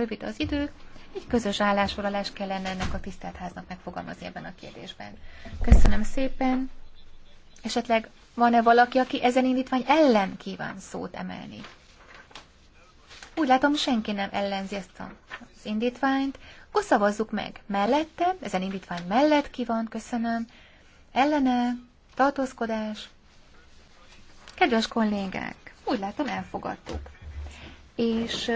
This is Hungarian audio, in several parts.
rövid az idő, egy közös állásfoglalást kellene ennek a tisztelt háznak megfogalmazni ebben a kérdésben. Köszönöm szépen. Esetleg van-e valaki, aki ezen indítvány ellen kíván szót emelni? Úgy látom, senki nem ellenzi ezt az indítványt. Akkor szavazzuk meg. Mellette, ezen indítvány mellett ki van, köszönöm. Ellene, tartózkodás. Kedves kollégák, úgy látom elfogadtuk. És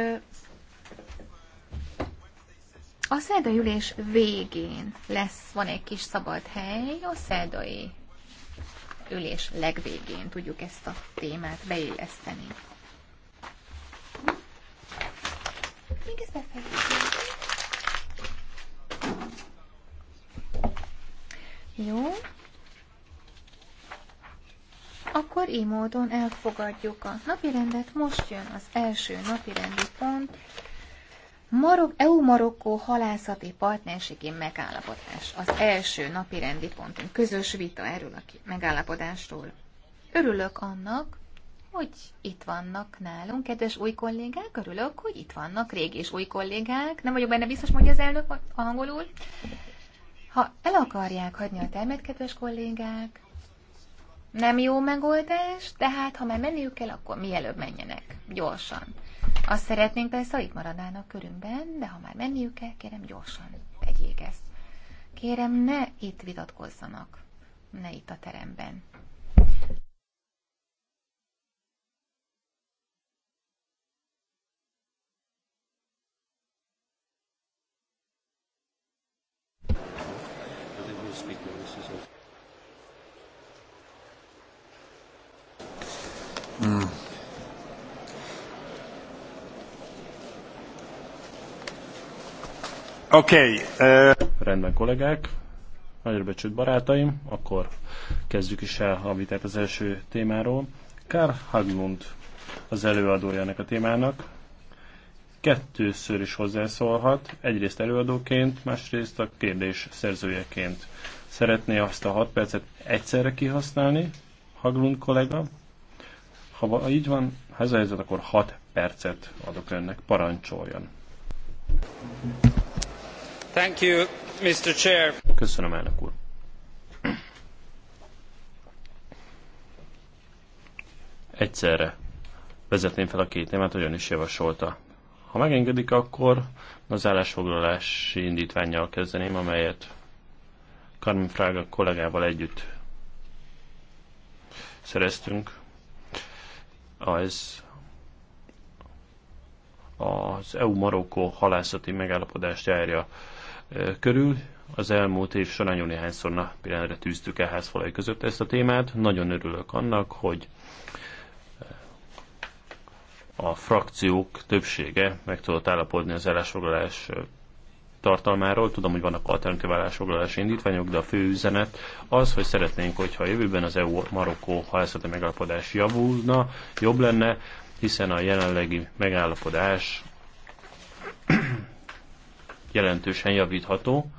a szerdai ülés végén lesz, van egy kis szabad hely, a szerdai ülés legvégén tudjuk ezt a témát beilleszteni. Még ezt befejezünk. Jó. Akkor így módon elfogadjuk a napirendet. Most jön az első napirendi pont. Marok, EU-Marokkó halászati partnerségi megállapodás az első napi rendi pontunk. Közös vita erről a megállapodásról. Örülök annak, hogy itt vannak nálunk, kedves új kollégák, örülök, hogy itt vannak régi és új kollégák. Nem vagyok benne biztos, mondja az elnök angolul. Ha el akarják hagyni a termet, kedves kollégák, nem jó megoldás, tehát ha már menniük kell, akkor mielőbb menjenek, gyorsan. Azt szeretnénk persze, hogy itt maradnának körünkben, de ha már menniük kell, kérem gyorsan tegyék ezt. Kérem, ne itt vitatkozzanak, ne itt a teremben. Mm. Oké. Okay, uh... Rendben, kollégák. Nagyra becsült barátaim, akkor kezdjük is el a vitát az első témáról. Kár Haglund az előadója ennek a témának. Kettőször is hozzászólhat, egyrészt előadóként, másrészt a kérdés szerzőjeként. Szeretné azt a hat percet egyszerre kihasználni, Haglund kollega? Ha így van, ha ez a helyzet, akkor hat percet adok önnek, parancsoljon. Köszönöm, Egyszerre vezetném fel a két témát, hogy ön is javasolta. Ha megengedik, akkor az állásfoglalási indítványjal kezdeném, amelyet Carmen Fraga kollégával együtt szereztünk. Az az EU-Marokkó halászati megállapodást járja körül. Az elmúlt év során jó néhányszor pillanatra tűztük el házfalai között ezt a témát. Nagyon örülök annak, hogy a frakciók többsége meg tudott állapodni az állásfoglalás tartalmáról. Tudom, hogy vannak alternatív állásfoglalási indítványok, de a fő üzenet az, hogy szeretnénk, hogyha a jövőben az EU-Marokkó halászati megállapodás javulna, jobb lenne, hiszen a jelenlegi megállapodás jelentősen javítható,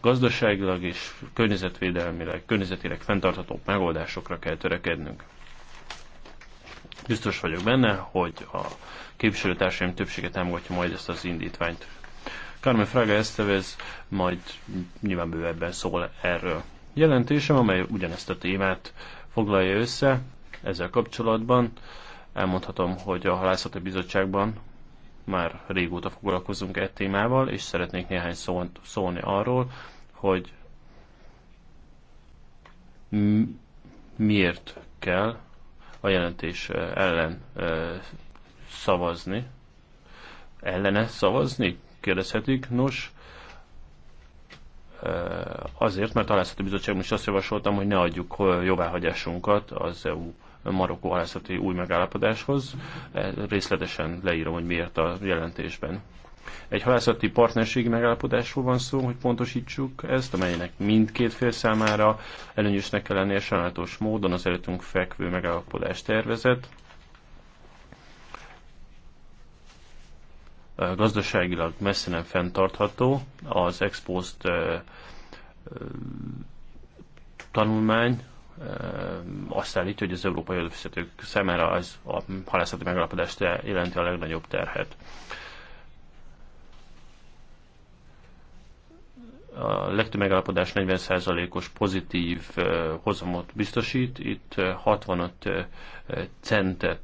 gazdaságilag és környezetvédelmileg, környezetileg fenntartható megoldásokra kell törekednünk. Biztos vagyok benne, hogy a képviselőtársaim többsége támogatja majd ezt az indítványt. Carmen Fraga Estevez majd nyilván bővebben szól erről. Jelentésem, amely ugyanezt a témát foglalja össze, ezzel kapcsolatban elmondhatom, hogy a Halászati Bizottságban már régóta foglalkozunk e témával, és szeretnék néhány szót szólni arról, hogy miért kell a jelentés ellen szavazni. Ellene szavazni? Kérdezhetik. Nos, azért, mert a Halászati Bizottságban is azt javasoltam, hogy ne adjuk jóváhagyásunkat az EU Marokkó halászati új megállapodáshoz. E, részletesen leírom, hogy miért a jelentésben. Egy halászati partnerségi megállapodásról van szó, hogy pontosítsuk ezt, amelynek mindkét fél számára előnyösnek kell lennie sajnálatos módon az előttünk fekvő megállapodás tervezet. E, gazdaságilag messze nem fenntartható, az expost e, tanulmány azt állítja, hogy az európai előfizetők szemére az a halászati megalapodást jelenti a legnagyobb terhet. a legtöbb megállapodás 40%-os pozitív hozamot biztosít, itt 65 centet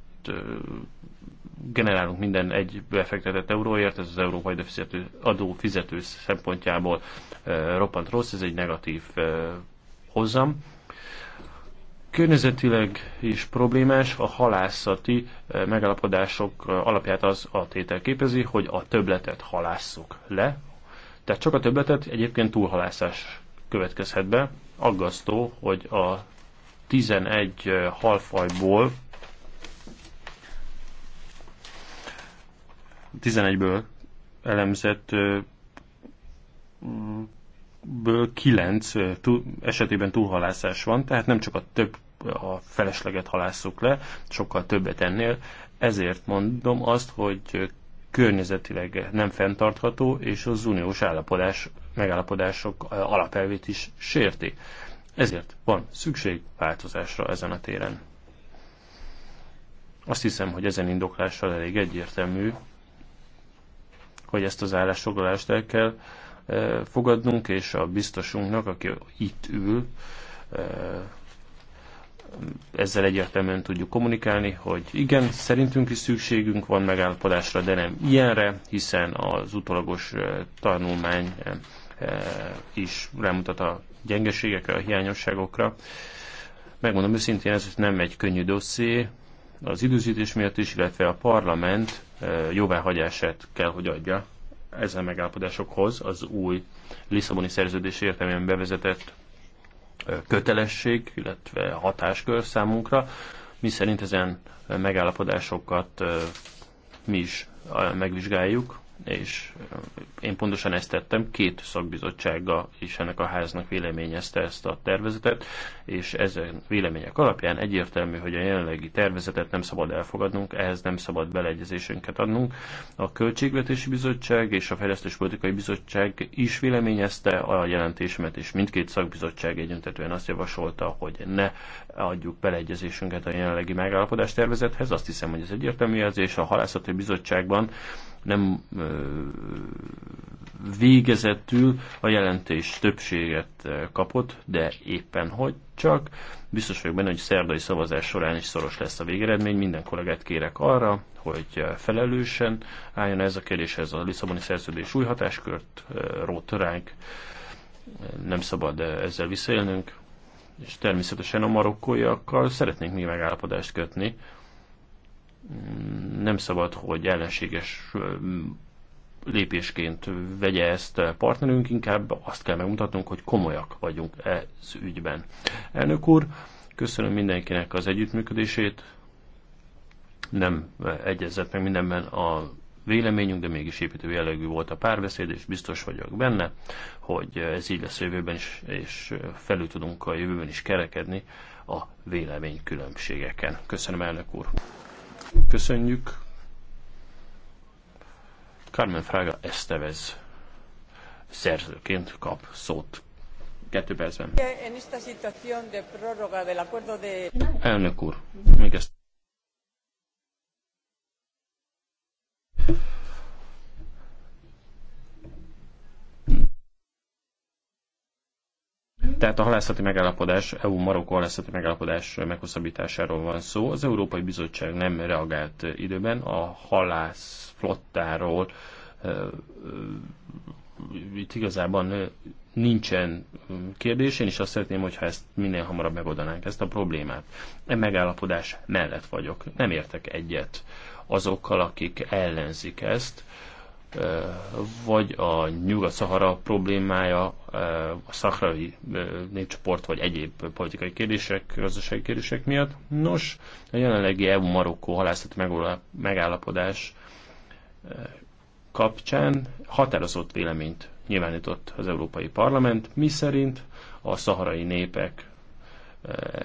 generálunk minden egy befektetett euróért, ez az európai adófizető, fizető szempontjából roppant rossz, ez egy negatív hozam. Környezetileg is problémás, a halászati eh, megállapodások eh, alapját az a tétel képezi, hogy a töbletet halásszuk le, tehát csak a töbletet egyébként túlhalászás következhet be. Aggasztó, hogy a 11 eh, halfajból 11-ből elemzett ből kilenc esetében túlhalászás van, tehát nem csak a több a felesleget halásszuk le, sokkal többet ennél. Ezért mondom azt, hogy környezetileg nem fenntartható, és az uniós állapodás, megállapodások alapelvét is sérti. Ezért van szükség változásra ezen a téren. Azt hiszem, hogy ezen indoklással elég egyértelmű, hogy ezt az állásfoglalást el kell fogadnunk, és a biztosunknak, aki itt ül, ezzel egyértelműen tudjuk kommunikálni, hogy igen, szerintünk is szükségünk van megállapodásra, de nem ilyenre, hiszen az utolagos tanulmány is rámutat a gyengeségekre, a hiányosságokra. Megmondom őszintén, ez nem egy könnyű dosszié, az időzítés miatt is, illetve a parlament jóváhagyását kell, hogy adja ezen megállapodásokhoz az új Lisszaboni szerződés értelmében bevezetett kötelesség, illetve hatáskör számunkra, mi szerint ezen megállapodásokat mi is megvizsgáljuk, és én pontosan ezt tettem, két szakbizottsága is ennek a háznak véleményezte ezt a tervezetet, és ezen vélemények alapján egyértelmű, hogy a jelenlegi tervezetet nem szabad elfogadnunk, ehhez nem szabad beleegyezésünket adnunk. A Költségvetési Bizottság és a Fejlesztés Politikai Bizottság is véleményezte a jelentésemet, és mindkét szakbizottság egyöntetően azt javasolta, hogy ne adjuk beleegyezésünket a jelenlegi megállapodás tervezethez. Azt hiszem, hogy ez egyértelmű jelzés. A Halászati Bizottságban nem végezetül a jelentés többséget kapott, de éppen hogy csak. Biztos vagyok benne, hogy szerdai szavazás során is szoros lesz a végeredmény. Minden kollégát kérek arra, hogy felelősen álljon ez a ez a Lisszaboni szerződés új hatáskört rót ránk. Nem szabad ezzel visszaélnünk. És természetesen a marokkóiakkal szeretnénk mi megállapodást kötni nem szabad, hogy ellenséges lépésként vegye ezt partnerünk, inkább azt kell megmutatnunk, hogy komolyak vagyunk ez ügyben. Elnök úr, köszönöm mindenkinek az együttműködését, nem egyezett meg mindenben a véleményünk, de mégis építő jellegű volt a párbeszéd, és biztos vagyok benne, hogy ez így lesz a jövőben is, és felül tudunk a jövőben is kerekedni a véleménykülönbségeken. Köszönöm, elnök úr! Köszönjük. Carmen Fraga Estevez szerzőként kap szót. Kettő percben. Elnök úr, még ezt Tehát a halászati megállapodás, EU-Marokkó halászati megállapodás meghosszabbításáról van szó. Az Európai Bizottság nem reagált időben a halász flottáról. Itt igazából nincsen kérdés, én is azt szeretném, hogyha ezt minél hamarabb megoldanánk, ezt a problémát. E megállapodás mellett vagyok, nem értek egyet azokkal, akik ellenzik ezt vagy a Nyugat-Szahara problémája, a szakrai népcsoport, vagy egyéb politikai kérdések, gazdasági kérdések miatt. Nos, a jelenlegi EU-Marokkó halászati megállapodás kapcsán határozott véleményt nyilvánított az Európai Parlament, mi szerint a szaharai népek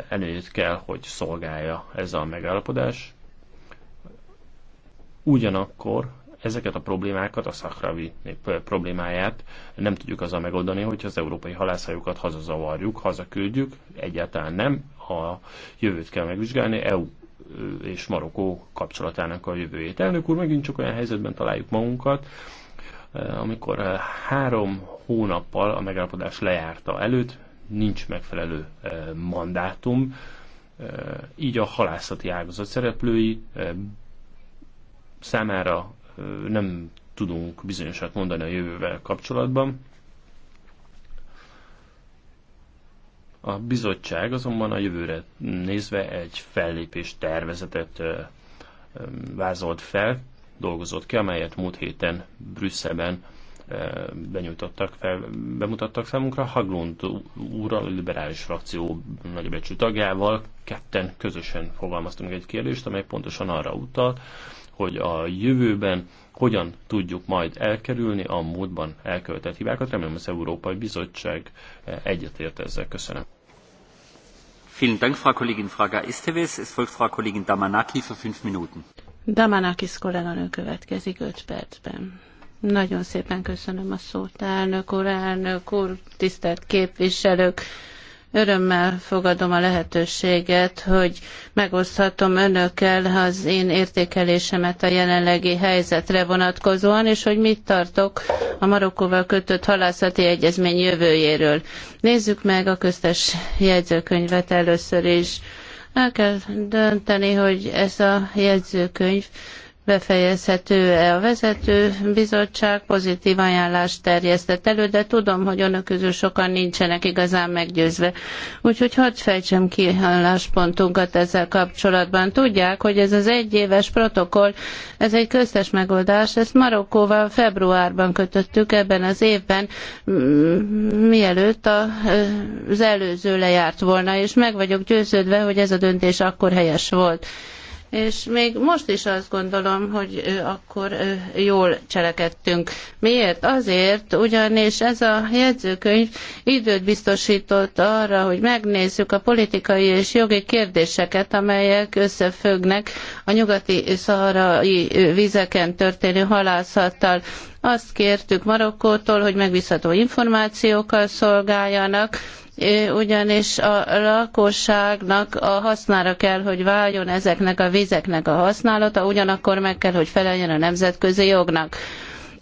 előnyét kell, hogy szolgálja ez a megállapodás. Ugyanakkor Ezeket a problémákat, a szakravi problémáját nem tudjuk azzal megoldani, hogy az európai halászhajókat hazazavarjuk, hazaküldjük, egyáltalán nem, a jövőt kell megvizsgálni, EU és Marokkó kapcsolatának a jövőjét. Elnök úr, megint csak olyan helyzetben találjuk magunkat, amikor három hónappal a megállapodás lejárta előtt, nincs megfelelő mandátum, így a halászati ágazat szereplői számára nem tudunk bizonyosat mondani a jövővel kapcsolatban. A bizottság azonban a jövőre nézve egy fellépés tervezetet vázolt fel, dolgozott ki, amelyet múlt héten Brüsszelben benyújtottak fel, bemutattak számunkra. Haglund úrral, a liberális frakció nagybecsű tagjával ketten közösen fogalmaztunk egy kérdést, amely pontosan arra utal, hogy a jövőben hogyan tudjuk majd elkerülni a módban elkövetett hibákat. Remélem az Európai Bizottság eh, egyetért ezzel. Köszönöm. Vielen Dank, Frau Kollegin Fraga Esteves. Es folgt Frau Kollegin Damanaki für fünf Minuten. Damanakis kolléganő következik 5 percben. Nagyon szépen köszönöm a szót, elnök úr, elnök úr, tisztelt képviselők. Örömmel fogadom a lehetőséget, hogy megoszthatom önökkel az én értékelésemet a jelenlegi helyzetre vonatkozóan, és hogy mit tartok a Marokkóval kötött halászati egyezmény jövőjéről. Nézzük meg a köztes jegyzőkönyvet először is. El kell dönteni, hogy ez a jegyzőkönyv befejezhető-e. A vezető bizottság pozitív ajánlást terjesztett elő, de tudom, hogy önök közül sokan nincsenek igazán meggyőzve. Úgyhogy hadd fejtsem ki álláspontunkat ezzel kapcsolatban. Tudják, hogy ez az egyéves protokoll, ez egy köztes megoldás, ezt Marokkóval februárban kötöttük ebben az évben, mm, mielőtt a, az előző lejárt volna, és meg vagyok győződve, hogy ez a döntés akkor helyes volt és még most is azt gondolom, hogy akkor jól cselekedtünk. Miért? Azért, ugyanis ez a jegyzőkönyv időt biztosított arra, hogy megnézzük a politikai és jogi kérdéseket, amelyek összefüggnek a nyugati szaharai vizeken történő halászattal. Azt kértük Marokkótól, hogy megbízható információkkal szolgáljanak, ugyanis a lakosságnak a hasznára kell, hogy váljon ezeknek a vizeknek a használata, ugyanakkor meg kell, hogy feleljen a nemzetközi jognak.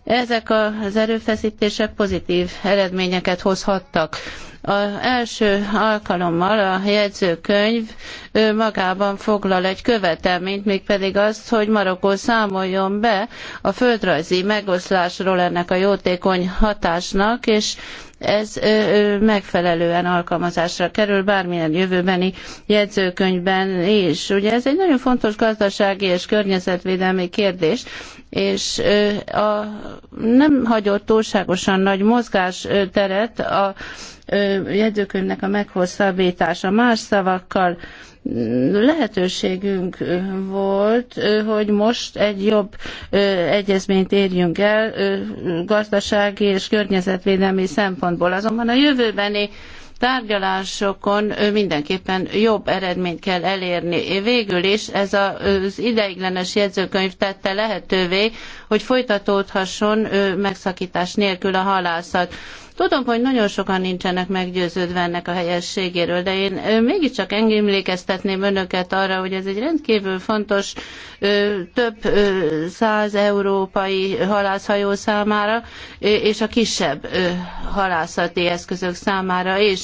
Ezek az erőfeszítések pozitív eredményeket hozhattak. Az első alkalommal a jegyzőkönyv ő magában foglal egy követelményt, mégpedig azt, hogy Marokkó számoljon be a földrajzi megoszlásról ennek a jótékony hatásnak, és ez megfelelően alkalmazásra kerül bármilyen jövőbeni jegyzőkönyvben is. Ugye ez egy nagyon fontos gazdasági és környezetvédelmi kérdés, és a, nem hagyott túlságosan nagy mozgásteret a jegyzőkönyvnek a meghosszabbítása. Más szavakkal mm, lehetőségünk volt, hogy most egy jobb egyezményt érjünk el gazdasági és környezetvédelmi szempontból. Azonban a jövőbeni tárgyalásokon mindenképpen jobb eredményt kell elérni. Végül is ez az ideiglenes jegyzőkönyv tette lehetővé, hogy folytatódhasson megszakítás nélkül a halászat. Tudom, hogy nagyon sokan nincsenek meggyőződve ennek a helyességéről, de én mégiscsak emlékeztetném önöket arra, hogy ez egy rendkívül fontos több száz európai halászhajó számára, és a kisebb halászati eszközök számára is.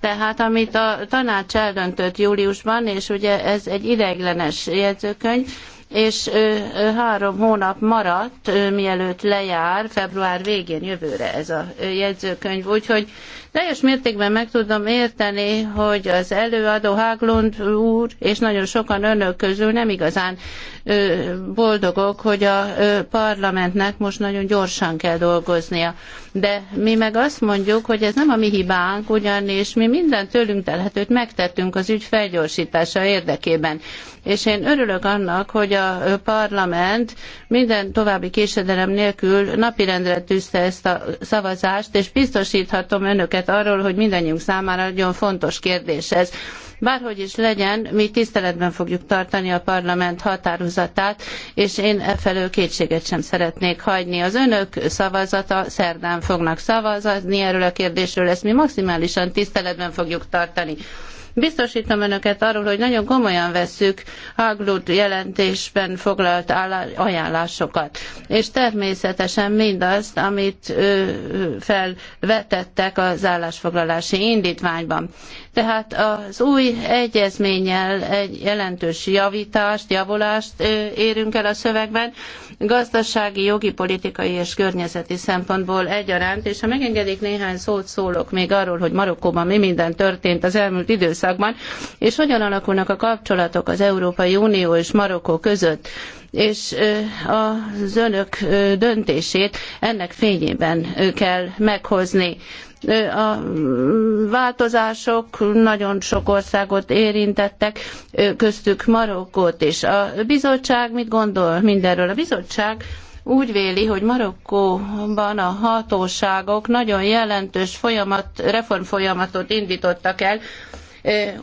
Tehát amit a tanács eldöntött júliusban, és ugye ez egy ideiglenes jegyzőkönyv, és három hónap maradt, mielőtt lejár február végén jövőre ez a jegyzőkönyv, úgyhogy teljes mértékben meg tudom érteni, hogy az előadó Háglund úr, és nagyon sokan önök közül nem igazán boldogok, hogy a parlamentnek most nagyon gyorsan kell dolgoznia. De mi meg azt mondjuk, hogy ez nem a mi hibánk, ugyanis mi minden tőlünk telhetőt megtettünk az ügy felgyorsítása érdekében. És én örülök annak, hogy a parlament minden további késedelem nélkül napirendre tűzte ezt a szavazást, és biztosíthatom önöket arról, hogy mindannyiunk számára nagyon fontos kérdés ez. Bárhogy is legyen, mi tiszteletben fogjuk tartani a parlament határozatát, és én e felől kétséget sem szeretnék hagyni. Az önök szavazata szerdán fognak szavazni erről a kérdésről, ezt mi maximálisan tiszteletben fogjuk tartani. Biztosítom önöket arról, hogy nagyon komolyan vesszük Haglund jelentésben foglalt ajánlásokat. És természetesen mindazt, amit felvetettek az állásfoglalási indítványban. Tehát az új egyezménnyel egy jelentős javítást, javulást érünk el a szövegben, gazdasági, jogi, politikai és környezeti szempontból egyaránt, és ha megengedik néhány szót szólok még arról, hogy Marokkóban mi minden történt az elmúlt időszakban, időszakban, és hogyan alakulnak a kapcsolatok az Európai Unió és Marokkó között és az önök döntését ennek fényében kell meghozni. A változások nagyon sok országot érintettek, köztük Marokkót is. A bizottság mit gondol mindenről? A bizottság úgy véli, hogy Marokkóban a hatóságok nagyon jelentős folyamat, reformfolyamatot indítottak el,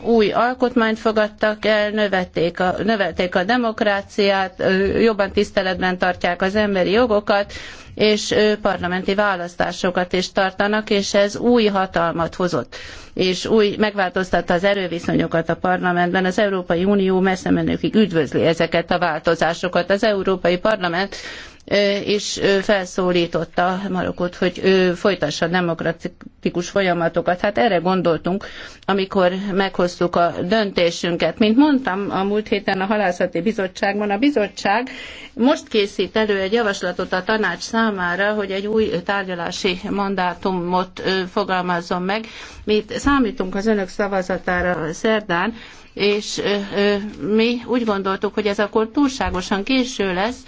új alkotmányt fogadtak el, növették a, növelték a demokráciát, jobban tiszteletben tartják az emberi jogokat, és parlamenti választásokat is tartanak, és ez új hatalmat hozott, és új megváltoztatta az erőviszonyokat a parlamentben. Az Európai Unió messze menőkig üdvözli ezeket a változásokat. Az Európai Parlament és felszólította Marokkot, hogy folytassa demokratikus folyamatokat. Hát erre gondoltunk, amikor meghoztuk a döntésünket. Mint mondtam a múlt héten a halászati bizottságban, a bizottság most készít elő egy javaslatot a tanács számára, hogy egy új tárgyalási mandátumot fogalmazzon meg. Mi számítunk az önök szavazatára szerdán, és mi úgy gondoltuk, hogy ez akkor túlságosan késő lesz,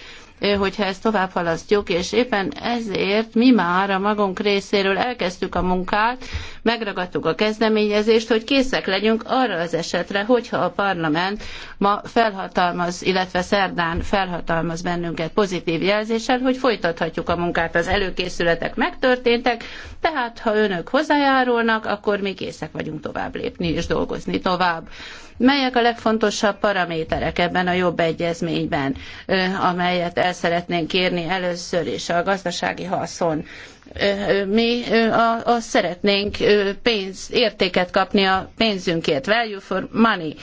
hogyha ezt tovább halasztjuk, és éppen ezért mi már a magunk részéről elkezdtük a munkát, megragadtuk a kezdeményezést, hogy készek legyünk arra az esetre, hogyha a parlament ma felhatalmaz, illetve szerdán felhatalmaz bennünket pozitív jelzéssel, hogy folytathatjuk a munkát. Az előkészületek megtörténtek, tehát ha önök hozzájárulnak, akkor mi készek vagyunk tovább lépni és dolgozni tovább. Melyek a legfontosabb paraméterek ebben a jobb egyezményben, amelyet fel szeretnénk kérni először is a gazdasági haszon mi azt szeretnénk pénz, értéket kapni a pénzünkért, value for money,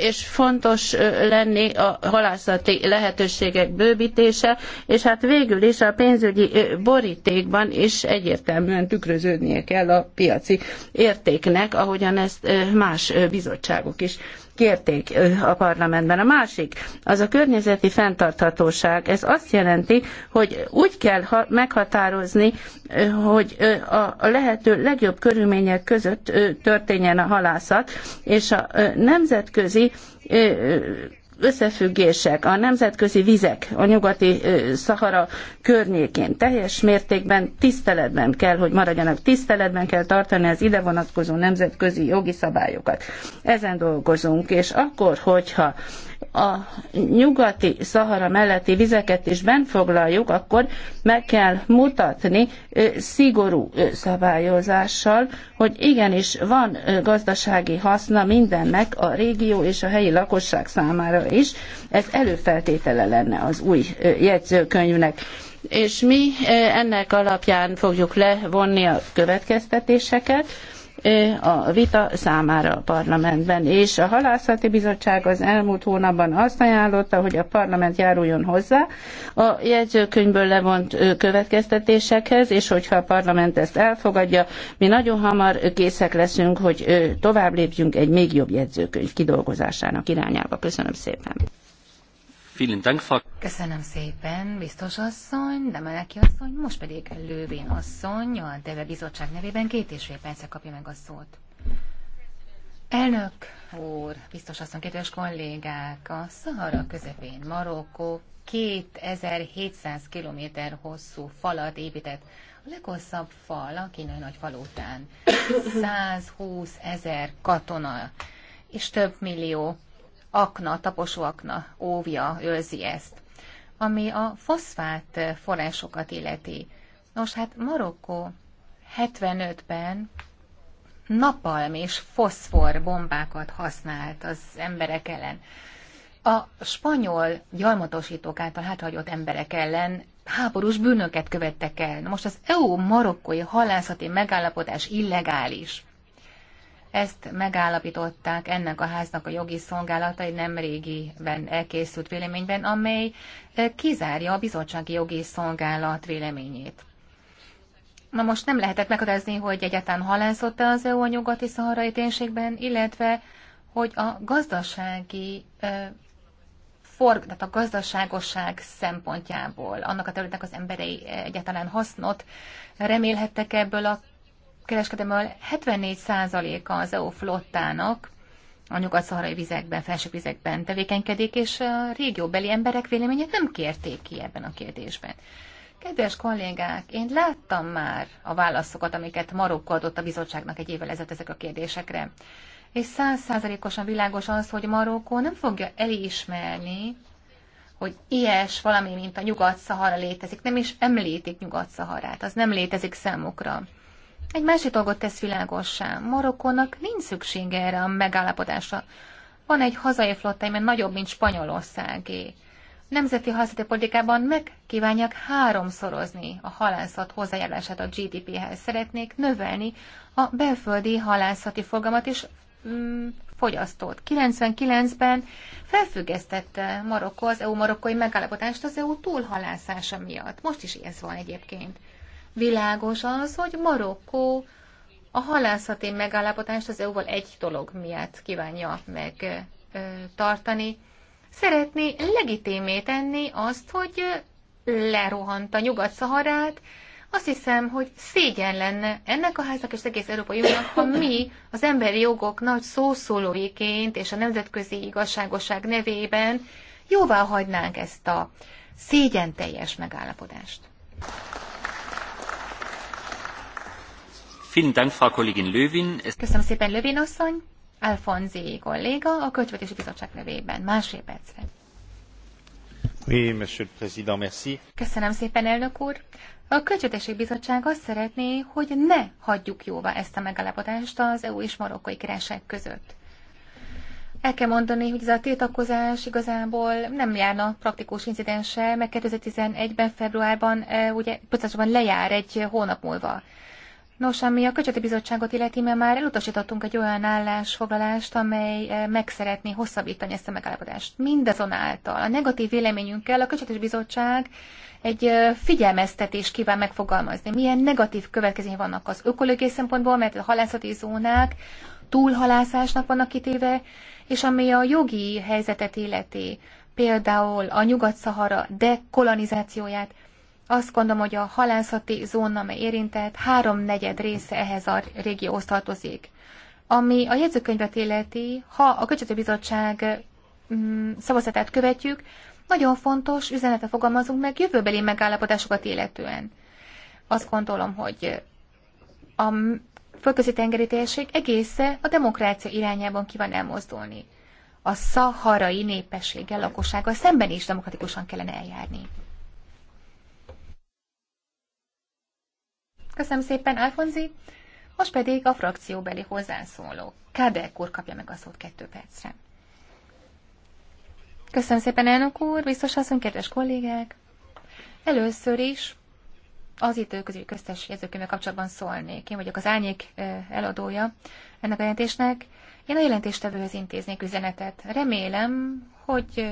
és fontos lenni a halászati lehetőségek bővítése, és hát végül is a pénzügyi borítékban is egyértelműen tükröződnie kell a piaci értéknek, ahogyan ezt más bizottságok is kérték a parlamentben. A másik, az a környezeti fenntarthatóság. Ez azt jelenti, hogy úgy kell meghatározni, hogy a lehető legjobb körülmények között történjen a halászat, és a nemzetközi összefüggések a nemzetközi vizek a nyugati Szahara környékén teljes mértékben tiszteletben kell, hogy maradjanak, tiszteletben kell tartani az ide vonatkozó nemzetközi jogi szabályokat. Ezen dolgozunk, és akkor, hogyha a nyugati Szahara melletti vizeket is benfoglaljuk, akkor meg kell mutatni szigorú szabályozással, hogy igenis van gazdasági haszna mindennek a régió és a helyi lakosság számára is. Ez előfeltétele lenne az új jegyzőkönyvnek és mi ennek alapján fogjuk levonni a következtetéseket a vita számára a parlamentben. És a halászati bizottság az elmúlt hónapban azt ajánlotta, hogy a parlament járuljon hozzá a jegyzőkönyvből levont következtetésekhez, és hogyha a parlament ezt elfogadja, mi nagyon hamar készek leszünk, hogy tovább lépjünk egy még jobb jegyzőkönyv kidolgozásának irányába. Köszönöm szépen. Köszönöm szépen, biztos asszony, de Meleki asszony, most pedig Lővén asszony, a Deve Bizottság nevében két és fél percre kapja meg a szót. Elnök úr, biztos asszony, kedves kollégák, a Szahara közepén Marokkó 2700 km hosszú falat épített, a leghosszabb fal a kínai nagy fal után. 120 ezer katona és több millió akna, taposó akna óvja, őrzi ezt. Ami a foszfát forrásokat illeti. Nos, hát Marokkó 75-ben napalm és foszfor bombákat használt az emberek ellen. A spanyol gyarmatosítók által hátrahagyott emberek ellen háborús bűnöket követtek el. Most az EU marokkói halászati megállapodás illegális. Ezt megállapították ennek a háznak a jogi szolgálata egy nem régiben elkészült véleményben, amely eh, kizárja a bizottsági jogi szolgálat véleményét. Na most nem lehetett meghatározni, hogy egyáltalán halászott-e az EU a nyugati szaharai térségben, illetve hogy a gazdasági eh, for, tehát a gazdaságosság szempontjából annak a területnek az emberei eh, egyáltalán hasznot remélhettek ebből a kereskedelme 74%-a az EU flottának a nyugat-szaharai vizekben, felső vizekben tevékenykedik, és a régióbeli emberek véleményét nem kérték ki ebben a kérdésben. Kedves kollégák, én láttam már a válaszokat, amiket Marokko adott a bizottságnak egy évvel ezelőtt ezek a kérdésekre. És százszázalékosan világos az, hogy Marokkó nem fogja elismerni, hogy ilyes valami, mint a Nyugat-Szahara létezik. Nem is említik Nyugat-Szaharát, az nem létezik számukra. Egy másik dolgot tesz világossá. Marokkónak nincs szüksége erre a megállapodásra. Van egy hazai flotta, mert nagyobb, mint Spanyolországé. Nemzeti hazati politikában meg kívánják háromszorozni a halászat hozzájárását a GDP-hez. Szeretnék növelni a belföldi halászati forgalmat is mm, fogyasztót. 99-ben felfüggesztette Marokko az eu marokkói megállapodást az EU túlhalászása miatt. Most is ez van egyébként. Világos az, hogy Marokkó a halászati megállapodást az EU-val egy dolog miatt kívánja megtartani. Szeretné legitimé tenni azt, hogy lerohant a Nyugat-Szaharát, azt hiszem, hogy szégyen lenne ennek a háznak és egész Európai Uniónak, ha mi az emberi jogok nagy szószólóiként és a nemzetközi igazságosság nevében jóvá hagynánk ezt a szégyen teljes megállapodást. Köszönöm szépen, Lövin asszony. Alfonzi kolléga a Költségvetési Bizottság nevében. Másfél percre. Oui, monsieur le président, merci. Köszönöm szépen, elnök úr. A Költségvetési Bizottság azt szeretné, hogy ne hagyjuk jóvá ezt a megállapodást az EU és marokkai királyság között. El kell mondani, hogy ez a tiltakozás igazából nem járna praktikus incidenssel, mert 2011-ben, februárban, e, ugye, pontosabban lejár egy hónap múlva. Nos, ami a Köcsöti Bizottságot illeti, mert már elutasítottunk egy olyan állásfoglalást, amely eh, meg szeretné hosszabbítani ezt a megállapodást. Mindazonáltal a negatív véleményünkkel a Köcsöti Bizottság egy eh, figyelmeztetés kíván megfogalmazni. Milyen negatív következmények vannak az ökológiai szempontból, mert a halászati zónák túlhalászásnak vannak kitéve, és ami a jogi helyzetet illeti, például a Nyugat-Szahara dekolonizációját, azt gondolom, hogy a halászati zóna, amely érintett, háromnegyed része ehhez a régióhoz tartozik. Ami a jegyzőkönyvet illeti, ha a Bizottság mm, szavazatát követjük, nagyon fontos üzenetet fogalmazunk meg jövőbeli megállapodásokat illetően. Azt gondolom, hogy a földközi tengeri térség egészen a demokrácia irányában kíván elmozdulni. A szaharai népességgel, lakossággal szemben is demokratikusan kellene eljárni. Köszönöm szépen, Alfonzi. Most pedig a frakcióbeli hozzászóló. Kádek úr kapja meg a szót kettő percre. Köszönöm szépen, elnök úr, biztos asszony, kedves kollégák! Először is az időközi köztes jegyzőkönyvvel kapcsolatban szólnék. Én vagyok az Ányék eladója ennek a jelentésnek. Én a jelentéstevőhöz intéznék üzenetet. Remélem, hogy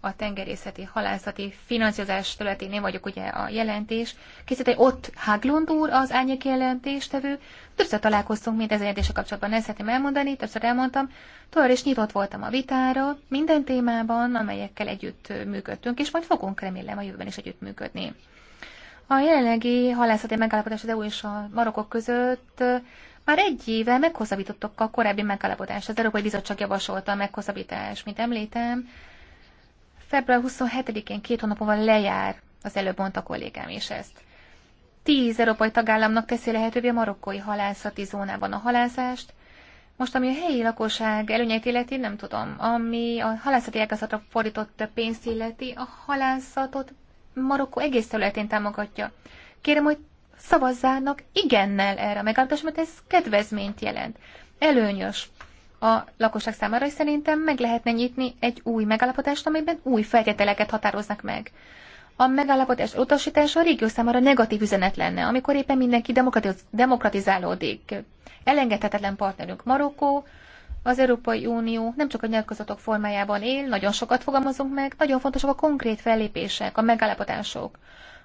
a tengerészeti, halászati finanszírozás területén én vagyok ugye a jelentés. Készített egy ott Haglund úr az árnyék jelentéstevő. Többször találkoztunk mint a jelentése kapcsolatban, ezt szeretném elmondani, többször elmondtam. Tovább is nyitott voltam a vitára, minden témában, amelyekkel együtt működtünk, és majd fogunk remélem a jövőben is együtt működni. A jelenlegi halászati megállapodás az EU és a marokok között már egy éve meghosszabbítottak a korábbi megállapodást. Az Európai Bizottság javasolta a meghosszabbítást, mint említem Február 27-én két hónapon lejár, az előbb mondta kollégám is ezt. Tíz európai tagállamnak teszi lehetővé a marokkói halászati zónában a halászást, most, ami a helyi lakosság előnyeit illeti, nem tudom. Ami a halászati ágazatra fordított pénzt illeti, a halászatot Marokkó egész területén támogatja. Kérem, hogy szavazzának igennel erre a megállapodásra, mert ez kedvezményt jelent. Előnyös a lakosság számára, és szerintem meg lehetne nyitni egy új megállapodást, amiben új feltételeket határoznak meg. A megállapodás utasítása a régió számára negatív üzenet lenne, amikor éppen mindenki demokratiz- demokratizálódik. Elengedhetetlen partnerünk Marokkó, az Európai Unió nem csak a nyilatkozatok formájában él, nagyon sokat fogalmazunk meg, nagyon fontosak a konkrét fellépések, a megállapodások.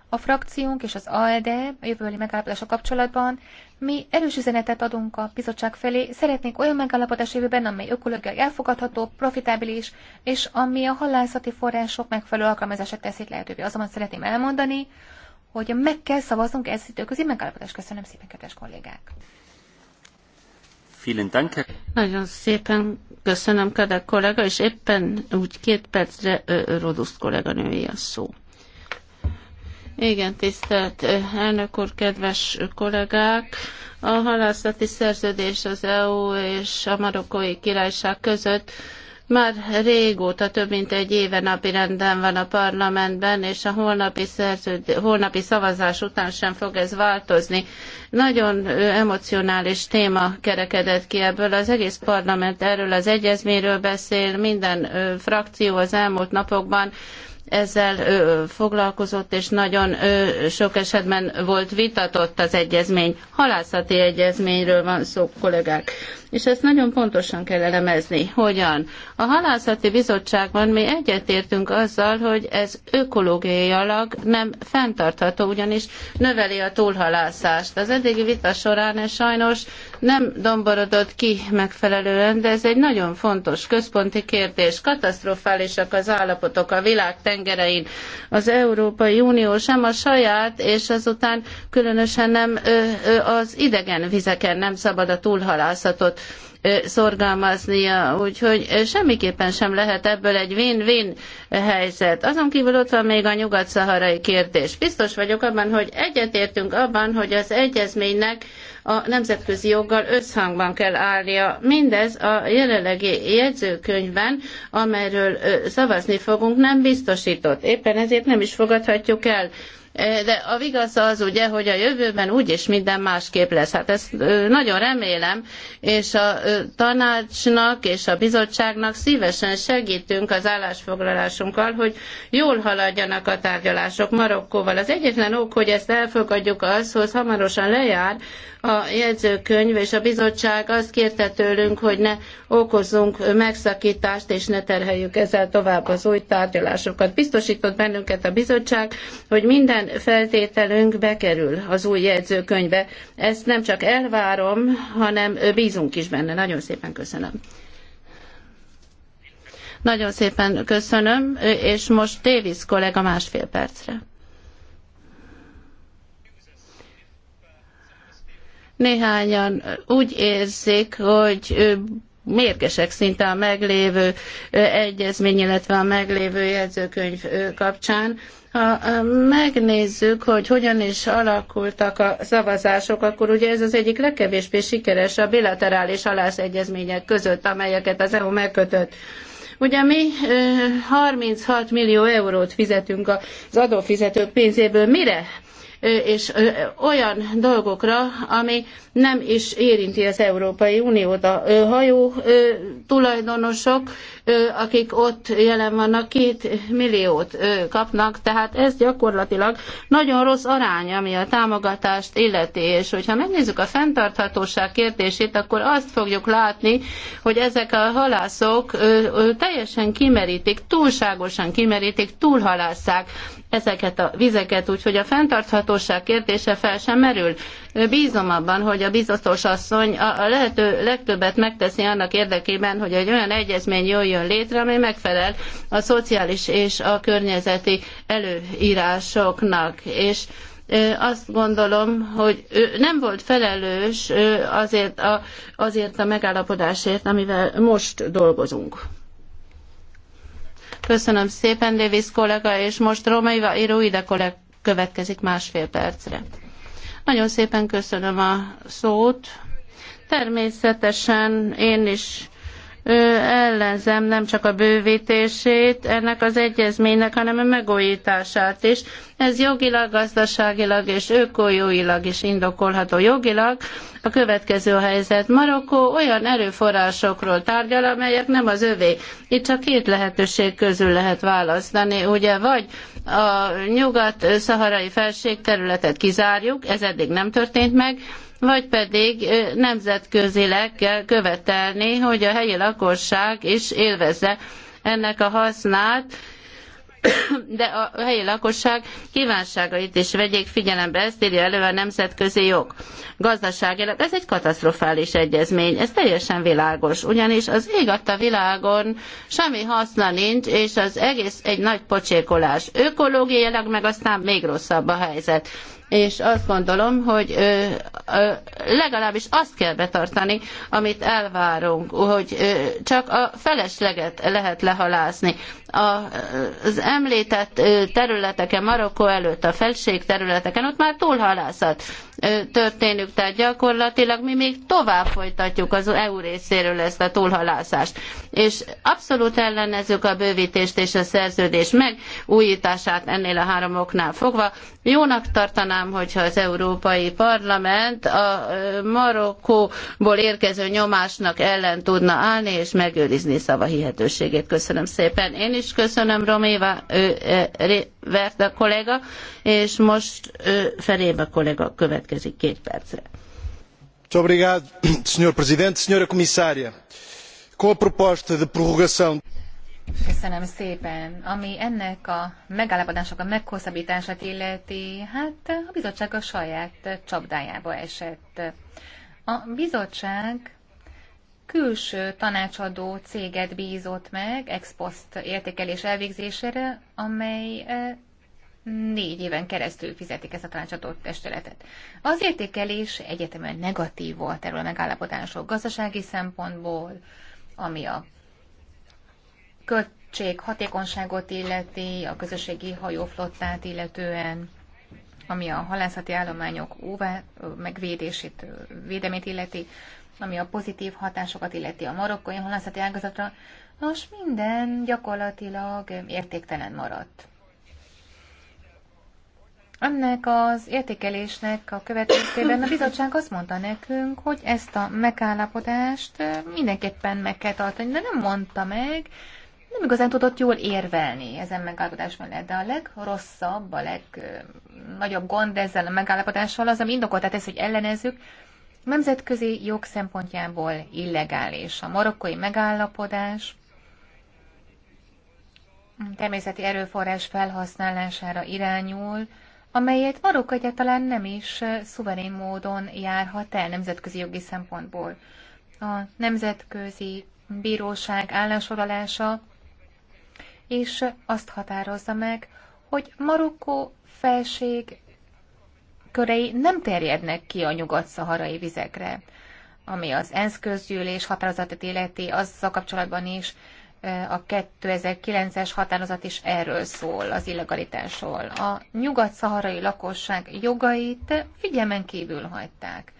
A frakciónk és az ALDE a jövőbeli megállapodások kapcsolatban mi erős üzenetet adunk a bizottság felé, szeretnénk olyan megállapodás jövőben, amely ökológiai elfogadható, profitábilis, és ami a halászati források megfelelő alkalmazását teszi lehetővé. Azonban szeretném elmondani, hogy meg kell szavaznunk ez időközi megállapodást. Köszönöm szépen, kedves kollégák! Nagyon szépen köszönöm, kedves kollega, és éppen úgy két percre Rodusz kolléganője a szó. Igen, tisztelt elnök úr, kedves kollégák! A halászati szerződés az EU és a marokkói királyság között már régóta, több mint egy éve napi renden van a parlamentben, és a holnapi, szerződ, holnapi szavazás után sem fog ez változni. Nagyon emocionális téma kerekedett ki ebből. Az egész parlament erről az egyezményről beszél, minden frakció az elmúlt napokban ezzel foglalkozott, és nagyon sok esetben volt vitatott az egyezmény. Halászati egyezményről van szó, kollégák és ezt nagyon pontosan kell elemezni. Hogyan? A halászati bizottságban mi egyetértünk azzal, hogy ez ökológiai alag nem fenntartható, ugyanis növeli a túlhalászást. Az eddigi vita során ez sajnos nem domborodott ki megfelelően, de ez egy nagyon fontos központi kérdés. Katasztrofálisak az állapotok a világ tengerein. Az Európai Unió sem a saját, és azután különösen nem az idegen vizeken nem szabad a túlhalászatot szorgalmaznia, úgyhogy semmiképpen sem lehet ebből egy win-win helyzet. Azon kívül ott van még a nyugat-szaharai kérdés. Biztos vagyok abban, hogy egyetértünk abban, hogy az egyezménynek a nemzetközi joggal összhangban kell állnia. Mindez a jelenlegi jegyzőkönyvben, amelyről szavazni fogunk, nem biztosított. Éppen ezért nem is fogadhatjuk el Eh, de a vigasz az ugye, hogy a jövőben úgyis minden másképp lesz. Hát ezt nagyon remélem, és a tanácsnak és a bizottságnak szívesen segítünk az állásfoglalásunkkal, hogy jól haladjanak a tárgyalások Marokkóval. Az egyetlen ok, hogy ezt elfogadjuk az, hogy hamarosan lejár a jegyzőkönyv és a bizottság azt kérte tőlünk, hogy ne okozzunk megszakítást, és ne terheljük ezzel tovább az új tárgyalásokat. Biztosított bennünket a bizottság, hogy minden feltételünk bekerül az új jegyzőkönyvbe. Ezt nem csak elvárom, hanem bízunk is benne. Nagyon szépen köszönöm. Nagyon szépen köszönöm, és most Davis kollega másfél percre. Néhányan úgy érzik, hogy mérgesek szinte a meglévő egyezmény, illetve a meglévő jegyzőkönyv kapcsán. Ha megnézzük, hogy hogyan is alakultak a szavazások, akkor ugye ez az egyik legkevésbé sikeres a bilaterális alászegyezmények között, amelyeket az EU megkötött. Ugye mi 36 millió eurót fizetünk az adófizetők pénzéből. Mire? és olyan dolgokra, ami nem is érinti az Európai Uniót. A hajó tulajdonosok akik ott jelen vannak, két milliót kapnak, tehát ez gyakorlatilag nagyon rossz arány, ami a támogatást illeti, és hogyha megnézzük a fenntarthatóság kérdését, akkor azt fogjuk látni, hogy ezek a halászok teljesen kimerítik, túlságosan kimerítik, túlhalásszák ezeket a vizeket, úgyhogy a fenntarthatóság kérdése fel sem merül. Bízom abban, hogy a biztos asszony a lehető legtöbbet megteszi annak érdekében, hogy egy olyan egyezmény jöjjön létre, amely megfelel a szociális és a környezeti előírásoknak. És azt gondolom, hogy ő nem volt felelős azért a, azért a megállapodásért, amivel most dolgozunk. Köszönöm szépen, Davis kollega, és most Római Iruide kollega következik másfél percre. Nagyon szépen köszönöm a szót. Természetesen én is ellenzem nem csak a bővítését ennek az egyezménynek, hanem a megújítását is. Ez jogilag, gazdaságilag és ökológilag is indokolható. Jogilag a következő helyzet. Marokkó olyan erőforrásokról tárgyal, amelyek nem az övé. Itt csak két lehetőség közül lehet választani. Ugye vagy a nyugat-szaharai területet kizárjuk, ez eddig nem történt meg, vagy pedig nemzetközileg kell követelni, hogy a helyi lakosság is élvezze ennek a hasznát, de a helyi lakosság kívánságait is vegyék figyelembe, ezt írja elő a nemzetközi jog. Gazdaságilag ez egy katasztrofális egyezmény, ez teljesen világos, ugyanis az ég adta világon semmi haszna nincs, és az egész egy nagy pocsékolás. Ökológiailag meg aztán még rosszabb a helyzet és azt gondolom, hogy legalábbis azt kell betartani, amit elvárunk, hogy csak a felesleget lehet lehalászni az említett területeken, Marokkó előtt, a felség területeken, ott már túlhalászat történik, tehát gyakorlatilag mi még tovább folytatjuk az EU részéről ezt a túlhalászást. És abszolút ellenezzük a bővítést és a szerződés megújítását ennél a három oknál fogva. Jónak tartanám, hogyha az Európai Parlament a Marokkóból érkező nyomásnak ellen tudna állni és megőrizni szava hihetőségét. Köszönöm szépen. Én is is köszönöm Roméva Verda kollega, és most Ferébe kollega következik két percre. Obrigado, Sr. Presidente, Sra. Comissária. Com a proposta de prorrogação Köszönöm szépen. Ami ennek a megállapodásnak a meghosszabbítását illeti, hát a bizottság a saját csapdájába esett. A bizottság külső tanácsadó céget bízott meg ex post értékelés elvégzésére, amely e, négy éven keresztül fizetik ezt a tanácsadó testületet. Az értékelés egyetemen negatív volt erről a megállapodásról gazdasági szempontból, ami a költség hatékonyságot illeti, a közösségi hajóflottát illetően ami a halászati állományok óvá, megvédését, védemét illeti, ami a pozitív hatásokat illeti a marokkói halászati ágazatra, most minden gyakorlatilag értéktelen maradt. Ennek az értékelésnek a következtében a bizottság azt mondta nekünk, hogy ezt a megállapodást mindenképpen meg kell tartani, de nem mondta meg, nem igazán tudott jól érvelni ezen megállapodás mellett, de a legrosszabb, a legnagyobb gond ezzel a megállapodással az, ami indokolta tesz, hogy ellenezzük, nemzetközi jog szempontjából illegális. A marokkói megállapodás természeti erőforrás felhasználására irányul, amelyet Marokk egyáltalán nem is szuverén módon járhat el nemzetközi jogi szempontból. A nemzetközi bíróság állásfoglalása és azt határozza meg, hogy Marokkó felség körei nem terjednek ki a nyugat-szaharai vizekre, ami az ENSZ közgyűlés határozatot illeti, azzal kapcsolatban is a 2009-es határozat is erről szól, az illegalitásról. A nyugat-szaharai lakosság jogait figyelmen kívül hagyták.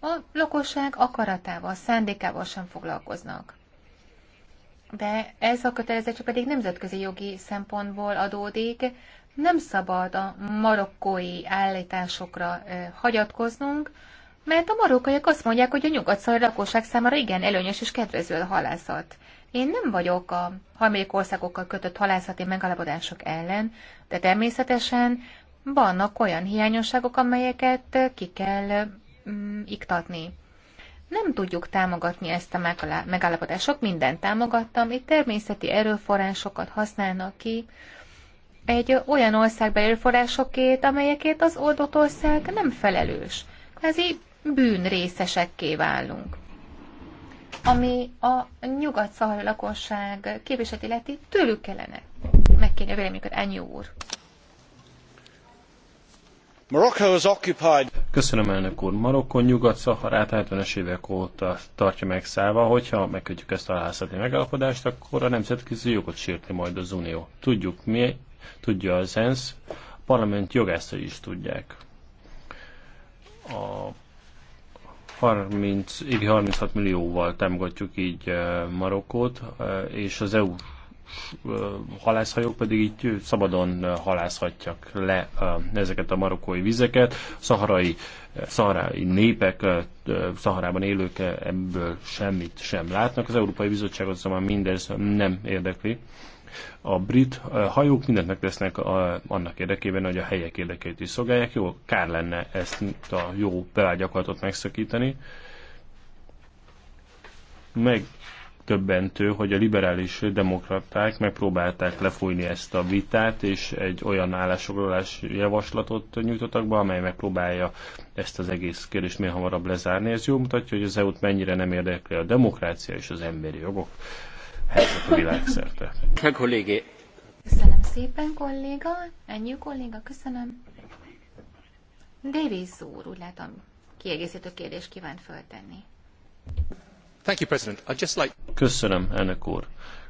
A lakosság akaratával, szándékával sem foglalkoznak de ez a kötelezettség pedig nemzetközi jogi szempontból adódik. Nem szabad a marokkói állításokra hagyatkoznunk, mert a marokkaiak azt mondják, hogy a nyugat lakosság számára igen előnyös és kedvező a halászat. Én nem vagyok a harmadik országokkal kötött halászati megalapodások ellen, de természetesen vannak olyan hiányosságok, amelyeket ki kell mm, iktatni nem tudjuk támogatni ezt a megállapodást. Sok mindent támogattam, itt természeti erőforrásokat használnak ki, egy olyan ország erőforrásokét, amelyekért az oldott ország nem felelős. Ez így bűn részesekké válunk. Ami a nyugat-szahari lakosság képviseleti leti, tőlük kellene megkérni a véleményüket, ennyi úr. Köszönöm elnök úr. Marokkó nyugat-szaharát 70-es évek óta tartja meg száva, hogyha megkötjük ezt a halászati megállapodást, akkor a nemzetközi jogot sérti majd az Unió. Tudjuk mi, tudja az ENSZ, a parlament jogászai is tudják. A 30, 36 millióval támogatjuk így eh, Marokkót, eh, és az EU halászhajók pedig így szabadon halászhatják le ezeket a marokkói vizeket. Szaharai, szaharai népek, szaharában élők ebből semmit sem látnak. Az Európai Bizottság azonban mindez nem érdekli. A brit hajók mindent megtesznek annak érdekében, hogy a helyek érdekeit is szolgálják. Jó, kár lenne ezt a jó bevált megszakítani. Meg megdöbbentő, hogy a liberális demokraták megpróbálták lefújni ezt a vitát, és egy olyan állásfoglalás javaslatot nyújtottak be, amely megpróbálja ezt az egész kérdést még hamarabb lezárni. Ez jól mutatja, hogy az EU-t mennyire nem érdekli a demokrácia és az emberi jogok helyzet a világszerte. Köszönöm szépen, kolléga. Ennyi kolléga, köszönöm. Davis úr, úgy látom, kiegészítő kérdést kívánt föltenni. Köszönöm, elnök úr.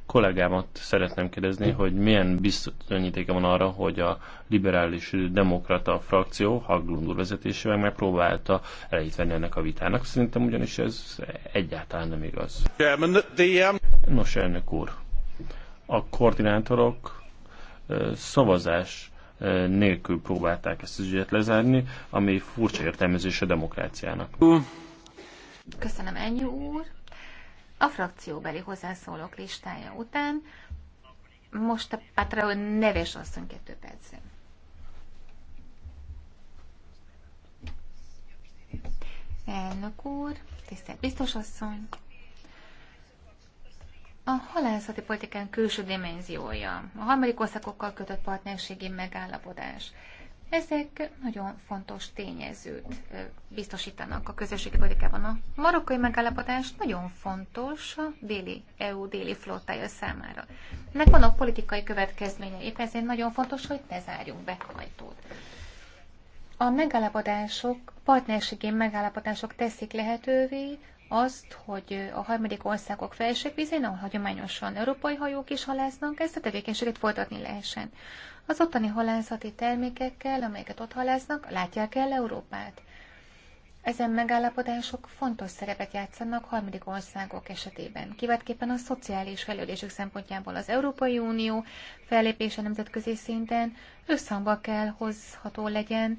Kollégámat szeretném kérdezni, hogy milyen bizonyítéka van arra, hogy a liberális demokrata frakció Haglund úr vezetésével megpróbálta elejét venni ennek a vitának. Szerintem ugyanis ez egyáltalán nem igaz. Um- Nos, elnök úr, a koordinátorok szavazás nélkül próbálták ezt az ügyet lezárni, ami furcsa értelmezés a demokráciának. Köszönöm, ennyi úr. A frakcióbeli hozzászólók listája után most a Patrao neves asszony kettő percre. Elnök úr, tisztelt biztos asszony, a halászati politikán külső dimenziója, a harmadik országokkal kötött partnerségi megállapodás, ezek nagyon fontos tényezőt biztosítanak a közösségi politikában. A marokkai megállapodás nagyon fontos a déli EU déli flottája számára. Ennek vannak politikai következménye, éppen ezért nagyon fontos, hogy ne zárjunk be ajtót. A megállapodások, partnerségi megállapodások teszik lehetővé, azt, hogy a harmadik országok vizén, ahol hagyományosan európai hajók is halásznak, ezt a tevékenységet folytatni lehessen. Az ottani halászati termékekkel, amelyeket ott halásznak, látják el Európát. Ezen megállapodások fontos szerepet játszanak harmadik országok esetében, kivetképpen a szociális fejlődésük szempontjából az Európai Unió fellépése nemzetközi szinten összhangba kell hozható legyen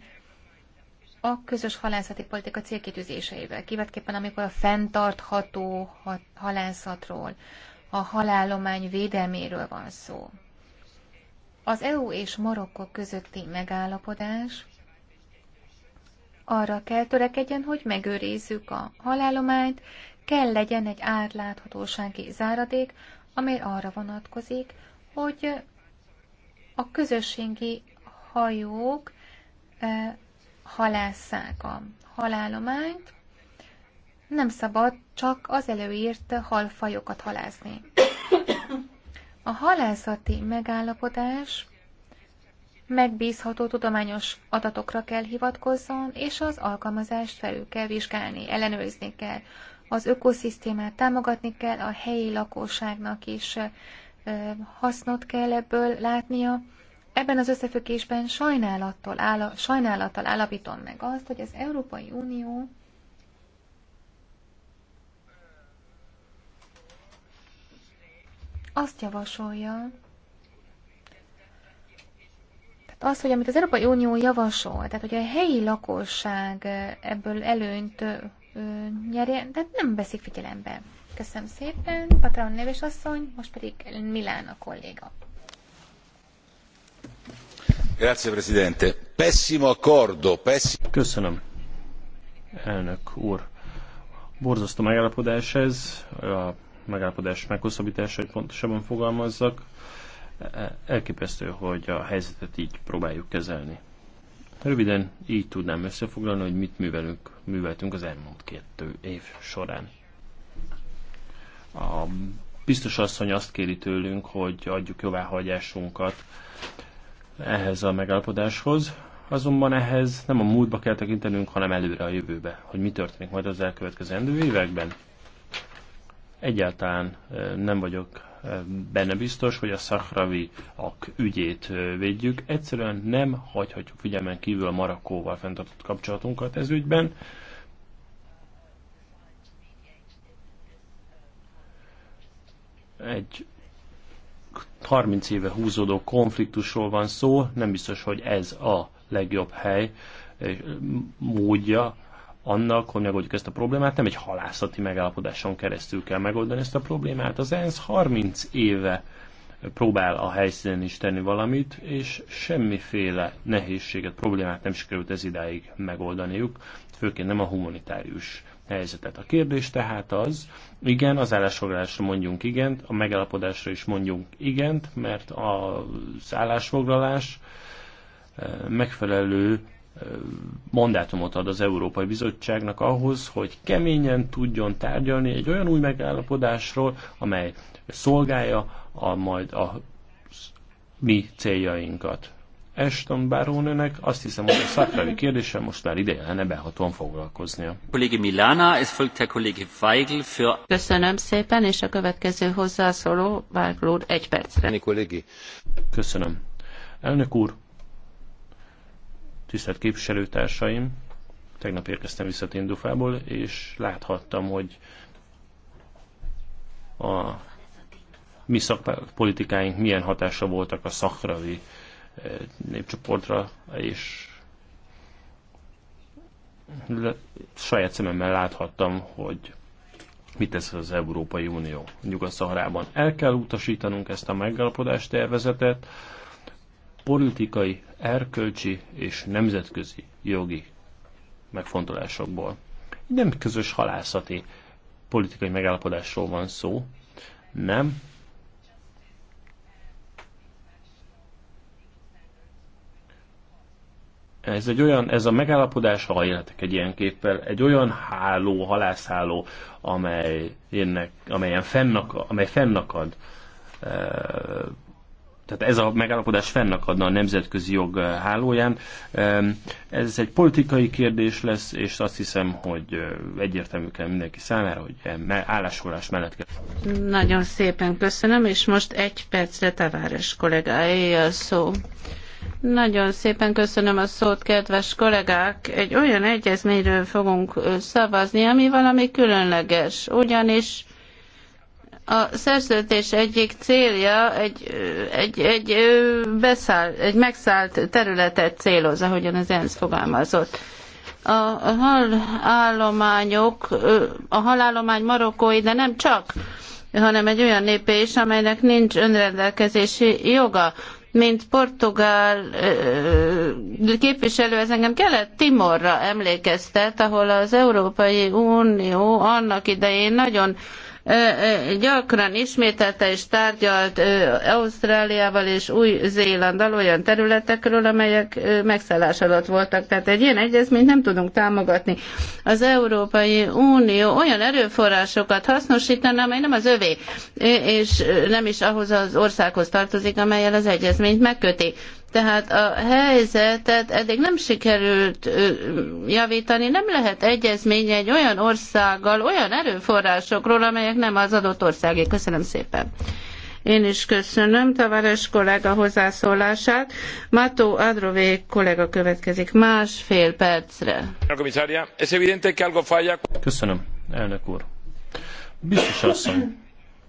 a közös halászati politika célkitűzéseivel, kivetképpen amikor a fenntartható halászatról, a halállomány védelméről van szó. Az EU és Marokkó közötti megállapodás arra kell törekedjen, hogy megőrizzük a halállományt, kell legyen egy átláthatósági záradék, amely arra vonatkozik, hogy a közösségi hajók eh, halásszák a halállományt, nem szabad csak az előírt halfajokat halászni. A halászati megállapodás megbízható tudományos adatokra kell hivatkozzon, és az alkalmazást felül kell vizsgálni, ellenőrizni kell. Az ökoszisztémát támogatni kell, a helyi lakosságnak is hasznot kell ebből látnia, Ebben az összefüggésben sajnálattal, áll, sajnálattal állapítom meg azt, hogy az Európai Unió azt javasolja, tehát az, hogy amit az Európai Unió javasol, tehát hogy a helyi lakosság ebből előnyt nyerjen, tehát nem veszik figyelembe. Köszönöm szépen, Patron neves asszony, most pedig Milán a kolléga. Köszönöm. Elnök úr. Borzasztó megállapodás ez, a megállapodás meghosszabbítása, hogy pontosabban fogalmazzak. Elképesztő, hogy a helyzetet így próbáljuk kezelni. Röviden így tudnám összefoglalni, hogy mit művelünk, műveltünk az elmúlt kettő év során. A biztos asszony azt kéri tőlünk, hogy adjuk jóváhagyásunkat ehhez a megállapodáshoz, azonban ehhez nem a múltba kell tekintenünk, hanem előre a jövőbe, hogy mi történik majd az elkövetkezendő években. Egyáltalán nem vagyok benne biztos, hogy a szahravi ak ügyét védjük. Egyszerűen nem hagyhatjuk figyelmen kívül a Marakóval fenntartott kapcsolatunkat ez ügyben. Egy 30 éve húzódó konfliktusról van szó, nem biztos, hogy ez a legjobb hely, módja annak, hogy megoldjuk ezt a problémát, nem egy halászati megállapodáson keresztül kell megoldani ezt a problémát. Az ENSZ 30 éve próbál a helyszínen is tenni valamit, és semmiféle nehézséget, problémát nem sikerült ez idáig megoldaniuk, főként nem a humanitárius helyzetet. A kérdés tehát az, igen, az állásfoglalásra mondjunk igent, a megállapodásra is mondjunk igent, mert az állásfoglalás eh, megfelelő eh, mandátumot ad az Európai Bizottságnak ahhoz, hogy keményen tudjon tárgyalni egy olyan új megállapodásról, amely szolgálja a, majd a mi céljainkat. Eston Barónőnek, azt hiszem, hogy a szakrai kérdéssel most már ideje lenne behatóan foglalkoznia. Milana, es folgt Herr Kollege Weigl für... Köszönöm szépen, és a következő hozzászóló Weigl egy percre. Kollégi. Köszönöm. Elnök úr, tisztelt képviselőtársaim, tegnap érkeztem vissza Tindufából, és láthattam, hogy a mi szakpolitikáink milyen hatása voltak a szakravi népcsoportra, és saját szememmel láthattam, hogy mit tesz az Európai Unió Nyugat-Szaharában. El kell utasítanunk ezt a megállapodást tervezetet politikai, erkölcsi és nemzetközi jogi megfontolásokból. Nem közös halászati politikai megállapodásról van szó, nem Ez egy olyan, ez a megállapodás, ha élhetek egy ilyen képpel, egy olyan háló, halászháló, amely ennek, amelyen fennak, amely fennakad, e, tehát ez a megállapodás fennakadna a nemzetközi jog e, hálóján. E, ez egy politikai kérdés lesz, és azt hiszem, hogy egyértelmű kell mindenki számára, hogy állásolás mellett kell. Nagyon szépen köszönöm, és most egy percre Taváres kollégáé a szó. Nagyon szépen köszönöm a szót, kedves kollégák. Egy olyan egyezményről fogunk szavazni, ami valami különleges, ugyanis a szerződés egyik célja egy, egy, egy, beszáll, egy megszállt területet céloz, ahogyan az ENSZ fogalmazott. A halállományok, a halállomány marokkói, de nem csak hanem egy olyan népé is, amelynek nincs önrendelkezési joga mint portugál képviselő, ez engem kellett Timorra emlékeztet, ahol az Európai Unió annak idején nagyon gyakran ismételte és tárgyalt Ausztráliával és Új-Zélandal olyan területekről, amelyek megszállás alatt voltak. Tehát egy ilyen egyezményt nem tudunk támogatni. Az Európai Unió olyan erőforrásokat hasznosítana, amely nem az övé, és nem is ahhoz az országhoz tartozik, amelyel az egyezményt megköti. Tehát a helyzetet eddig nem sikerült javítani, nem lehet egyezmény egy olyan országgal, olyan erőforrásokról, amelyek nem az adott országé. Köszönöm szépen. Én is köszönöm Tavares kollega hozzászólását. Mató Adrové kollega következik másfél percre. Köszönöm, elnök úr. Biztos asszony,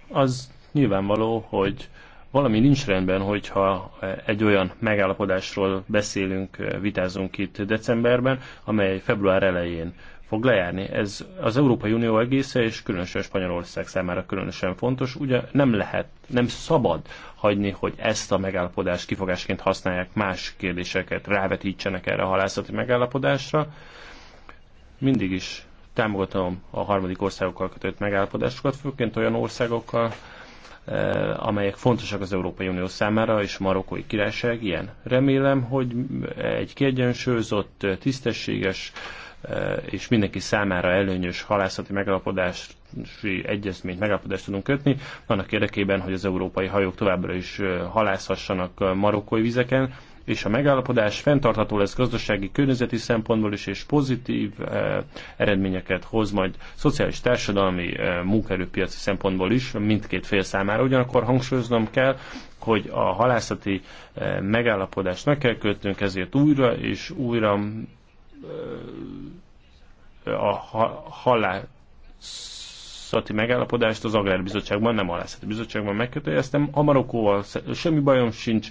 az nyilvánvaló, hogy valami nincs rendben, hogyha e, egy olyan megállapodásról beszélünk, e, vitázunk itt decemberben, amely február elején fog lejárni. Ez az Európai Unió egésze, és különösen Spanyolország számára különösen fontos. Ugye nem lehet, nem szabad hagyni, hogy ezt a megállapodást kifogásként használják más kérdéseket, rávetítsenek erre a halászati megállapodásra. Mindig is támogatom a harmadik országokkal kötött megállapodásokat, főként olyan országokkal, Eh, amelyek fontosak az Európai Unió számára, és Marokkói Királyság ilyen. Remélem, hogy egy kiegyensúlyozott, tisztességes eh, és mindenki számára előnyös halászati megalapodási egyezményt, megállapodást tudunk kötni, annak érdekében, hogy az európai hajók továbbra is eh, halászhassanak marokkói vizeken, és a megállapodás fenntartható lesz gazdasági, környezeti szempontból is, és pozitív eh, eredményeket hoz majd szociális, társadalmi, eh, munkaerőpiaci szempontból is mindkét fél számára. Ugyanakkor hangsúlyoznom kell, hogy a halászati eh, megállapodást meg kell kötnünk, ezért újra és újra a halászati megállapodást az Agrárbizottságban, nem a halászati bizottságban megkötőjeztem. A Marokkóval semmi bajom sincs,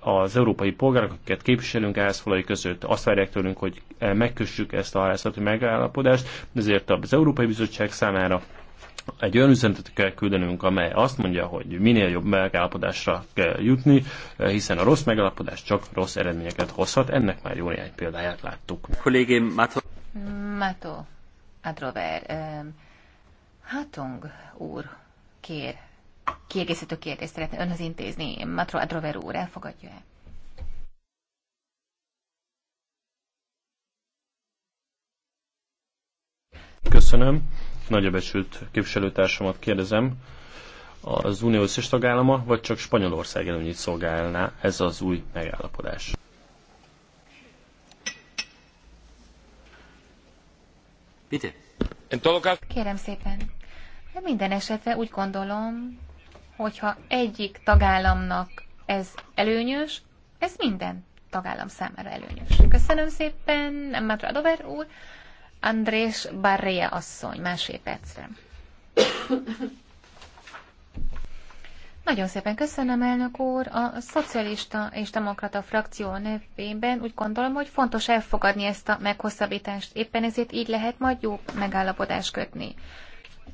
az európai polgárok, akiket képviselünk házfalai között, azt várják tőlünk, hogy eh, megkössük ezt a halászati megállapodást, ezért az Európai Bizottság számára egy olyan üzenetet kell küldenünk, amely azt mondja, hogy minél jobb megállapodásra kell jutni, eh, hiszen a rossz megállapodás csak rossz eredményeket hozhat. Ennek már jó néhány példáját láttuk. Kollégém Mato. Mato Adrover. Eh, Hatong úr kér kiegészítő kérdést szeretne önhöz intézni. Matro Adrover úr, elfogadja-e? Köszönöm. Nagyobbesült képviselőtársamat kérdezem. Az unió összes tagállama, vagy csak Spanyolország előnyit szolgálná ez az új megállapodás? Kérem szépen. Minden esetre úgy gondolom, hogyha egyik tagállamnak ez előnyös, ez minden tagállam számára előnyös. Köszönöm szépen, Matra Dover úr, Andrés Barrea asszony, másfél percre. Nagyon szépen köszönöm, elnök úr. A szocialista és demokrata frakció nevében úgy gondolom, hogy fontos elfogadni ezt a meghosszabbítást. Éppen ezért így lehet majd jó megállapodást kötni.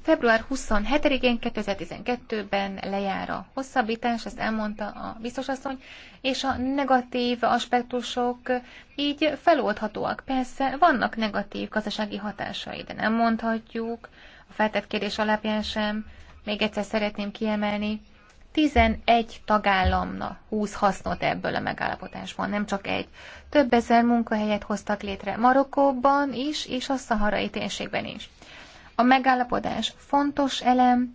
Február 27-én 2012-ben lejár a hosszabbítás, ezt elmondta a biztosasszony, és a negatív aspektusok így feloldhatóak. Persze vannak negatív gazdasági hatásai, de nem mondhatjuk, a feltett kérdés alapján sem, még egyszer szeretném kiemelni, 11 tagállamna húz hasznot ebből a megállapotásból, nem csak egy. Több ezer munkahelyet hoztak létre Marokkóban is, és a szaharai térségben is. A megállapodás fontos elem,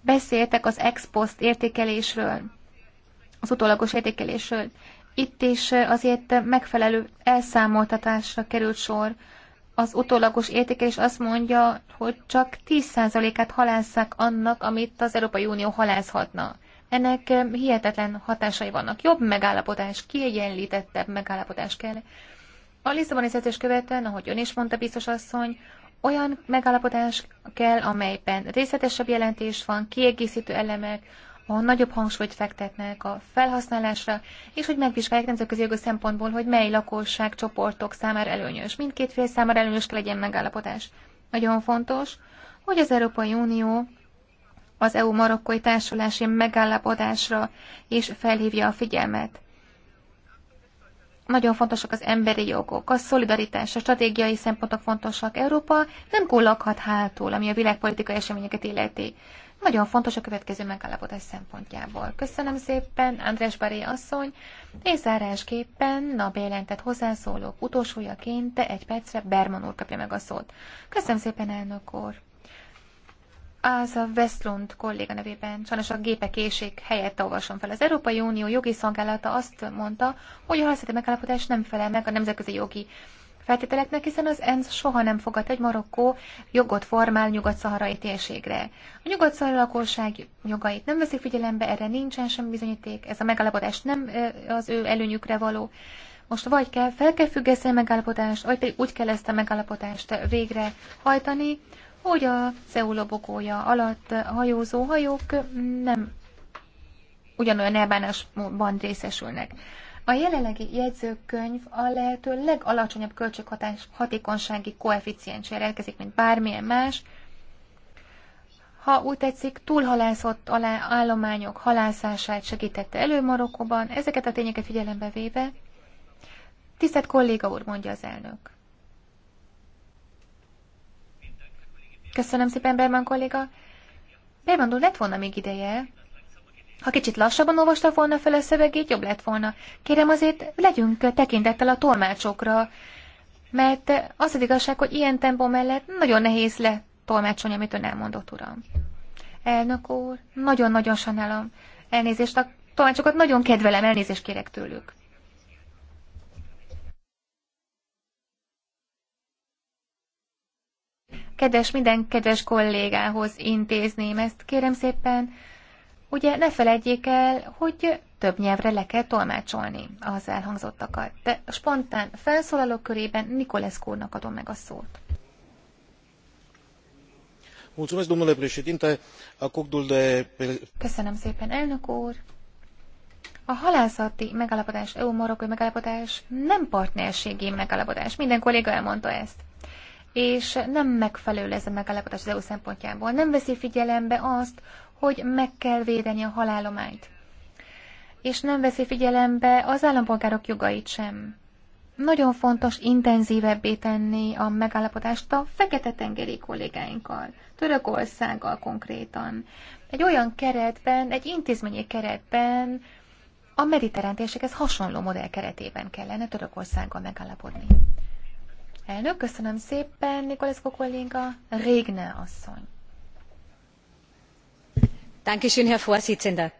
beszéltek az ex post értékelésről, az utólagos értékelésről. Itt is azért megfelelő elszámoltatásra került sor. Az utólagos értékelés azt mondja, hogy csak 10%-át halásszák annak, amit az Európai Unió halászhatna. Ennek hihetetlen hatásai vannak. Jobb megállapodás, kiegyenlítettebb megállapodás kell. A Lisszaboni szerződés követően, ahogy ön is mondta, biztos asszony, olyan megállapodás kell, amelyben részletesebb jelentés van, kiegészítő elemek, ahol nagyobb hangsúlyt fektetnek a felhasználásra, és hogy megvizsgálják nemzetközi jogos szempontból, hogy mely lakosságcsoportok számára előnyös. Mindkét fél számára előnyös kell legyen megállapodás. Nagyon fontos, hogy az Európai Unió az EU marokkói társulási megállapodásra és felhívja a figyelmet. Nagyon fontosak az emberi jogok, a szolidaritás, a stratégiai szempontok fontosak. Európa nem kullakhat hátul, ami a világpolitikai eseményeket illeti. Nagyon fontos a következő megállapodás szempontjából. Köszönöm szépen, András Baré asszony, és zárásképpen a bejelentett hozzászólók utolsójaként egy percre Berman úr kapja meg a szót. Köszönöm szépen, elnök úr! Áza Westlund kolléga nevében sajnos a gépekéség helyett olvasom fel. Az Európai Unió jogi szolgálata azt mondta, hogy a halászati megállapodás nem felel meg a nemzetközi jogi feltételeknek, hiszen az ENSZ soha nem fogad egy Marokkó jogot formál nyugat-szaharai térségre. A nyugat lakosság jogait nem veszik figyelembe, erre nincsen sem bizonyíték, ez a megállapodás nem az ő előnyükre való. Most vagy kell, fel kell függeszteni a megállapodást, vagy pedig úgy kell ezt a megállapodást végrehajtani, hogy a Szeul lobogója alatt hajózó hajók nem ugyanolyan elbánásban részesülnek. A jelenlegi jegyzőkönyv a lehető legalacsonyabb költséghatás hatékonysági koeficienssel rendelkezik, mint bármilyen más. Ha úgy tetszik, túlhalászott alá állományok halászását segítette elő Marokkóban, ezeket a tényeket figyelembe véve, tisztelt kolléga úr, mondja az elnök. Köszönöm szépen, Berman kolléga. Berman úr, lett volna még ideje. Ha kicsit lassabban olvasta volna fel a szövegét, jobb lett volna. Kérem azért, legyünk tekintettel a tolmácsokra, mert az az igazság, hogy ilyen tempó mellett nagyon nehéz le tolmácsolni, amit ön elmondott, uram. Elnök úr, nagyon-nagyon sajnálom. Elnézést, a tolmácsokat nagyon kedvelem, elnézést kérek tőlük. kedves, minden kedves kollégához intézném ezt, kérem szépen. Ugye ne felejtjék el, hogy több nyelvre le kell tolmácsolni az elhangzottakat. De spontán felszólalók körében Nikoleszkónak adom meg a szót. Köszönöm szépen, elnök úr! A halászati megállapodás, EU-marokkai megállapodás nem partnerségi megállapodás. Minden kolléga elmondta ezt és nem megfelelő ez a megállapodás az EU szempontjából. Nem veszi figyelembe azt, hogy meg kell védeni a halálományt. És nem veszi figyelembe az állampolgárok jogait sem. Nagyon fontos intenzívebbé tenni a megállapodást a Fekete-tengeri kollégáinkkal, Törökországgal konkrétan. Egy olyan keretben, egy intézményi keretben, a mediterrán térséghez hasonló modell keretében kellene Törökországgal megállapodni. Elnök, köszönöm szépen, Nikoleszko kolléga, Régne asszony. Dankeschön, Herr Vorsitzender.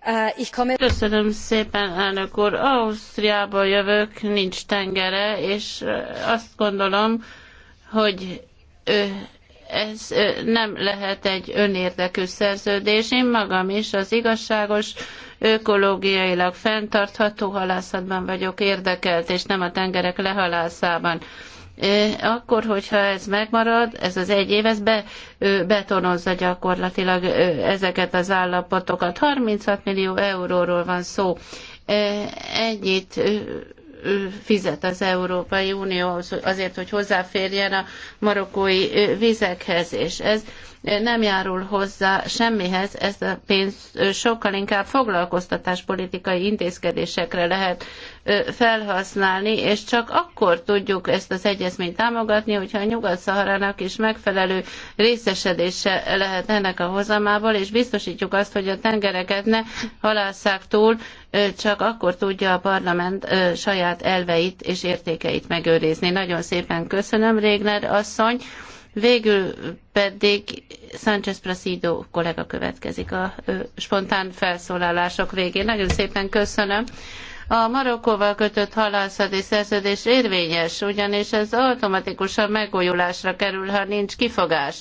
Äh, köszönöm szépen, elnök úr. Ausztriából jövök, nincs tengere, és azt gondolom, hogy ez nem lehet egy önérdekű szerződés. Én magam is az igazságos, ökológiailag fenntartható halászatban vagyok érdekelt, és nem a tengerek lehalászában E, akkor, hogyha ez megmarad, ez az egy év, ez be, betonozza gyakorlatilag ezeket az állapotokat. 36 millió euróról van szó. E, ennyit fizet az Európai Unió azért, hogy hozzáférjen a marokkói vizekhez, és ez nem járul hozzá semmihez, ez a pénz sokkal inkább foglalkoztatáspolitikai intézkedésekre lehet felhasználni, és csak akkor tudjuk ezt az egyezményt támogatni, hogyha a Nyugat-Szaharának is megfelelő részesedése lehet ennek a hozamából, és biztosítjuk azt, hogy a tengereket ne halásszák túl, csak akkor tudja a parlament saját elveit és értékeit megőrizni. Nagyon szépen köszönöm, Régner asszony. Végül pedig Sánchez Prasido kollega következik a spontán felszólalások végén. Nagyon szépen köszönöm. A Marokkóval kötött halászati szerződés érvényes, ugyanis ez automatikusan megújulásra kerül, ha nincs kifogás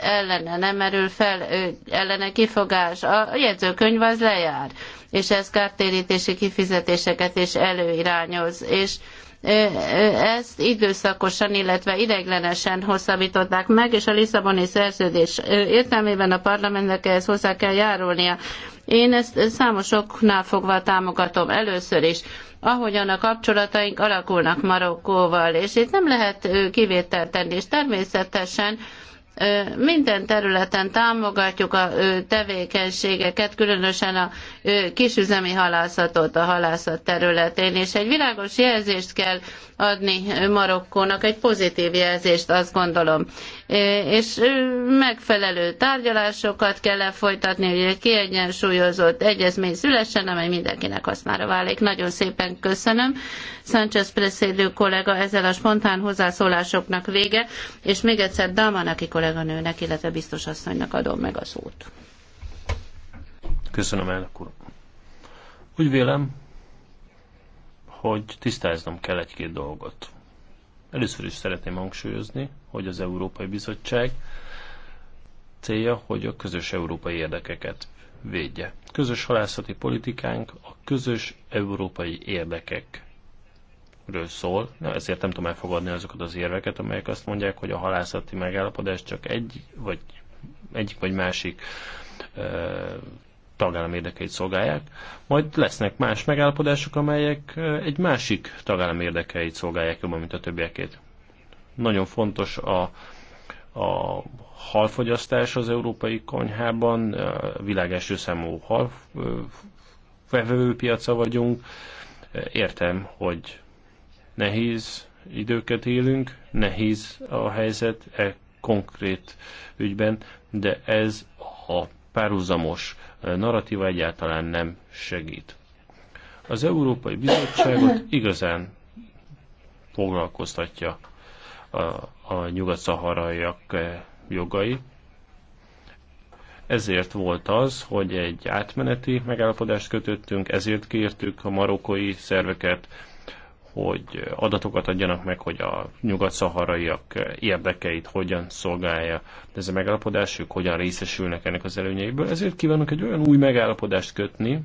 ellene nem merül fel ellene kifogás. A jegyzőkönyv az lejár, és ez kártérítési kifizetéseket is előirányoz, és ezt időszakosan, illetve ideiglenesen hosszabbították meg, és a Lisszaboni szerződés értelmében a parlamentnek ehhez hozzá kell járulnia. Én ezt számosoknál fogva támogatom először is ahogyan a kapcsolataink alakulnak Marokkóval, és itt nem lehet kivételt tenni, és természetesen minden területen támogatjuk a tevékenységeket, különösen a kisüzemi halászatot a halászat területén, és egy világos jelzést kell adni Marokkónak, egy pozitív jelzést, azt gondolom és megfelelő tárgyalásokat kell lefolytatni, hogy egy kiegyensúlyozott egyezmény szülessen, amely mindenkinek hasznára válik. Nagyon szépen köszönöm. Sánchez Preszédő kollega ezzel a spontán hozzászólásoknak vége, és még egyszer Damanaki kolléganőnek, illetve biztos asszonynak adom meg a szót. Köszönöm, elnök úr. Úgy vélem, hogy tisztáznom kell egy-két dolgot. Először is szeretném hangsúlyozni, hogy az Európai Bizottság célja, hogy a közös európai érdekeket védje. Közös halászati politikánk a közös európai érdekekről szól, Na, ezért nem tudom elfogadni azokat az érveket, amelyek azt mondják, hogy a halászati megállapodás csak egy vagy egyik vagy másik tagállam érdekeit szolgálják, majd lesznek más megállapodások, amelyek egy másik tagállam érdekeit szolgálják jobban, mint a többiekét. Nagyon fontos a, a halfogyasztás az európai konyhában, világ első számú hal piaca vagyunk. Értem, hogy nehéz időket élünk, nehéz a helyzet e konkrét ügyben, de ez a párhuzamos narratíva egyáltalán nem segít. Az Európai Bizottságot igazán foglalkoztatja a, a nyugat-szaharaiak eh, jogai. Ezért volt az, hogy egy átmeneti megállapodást kötöttünk, ezért kértük a marokkói szerveket, hogy adatokat adjanak meg, hogy a nyugat-szaharaiak érdekeit hogyan szolgálja ez a megállapodás ők hogyan részesülnek ennek az előnyeiből. Ezért kívánunk egy olyan új megállapodást kötni,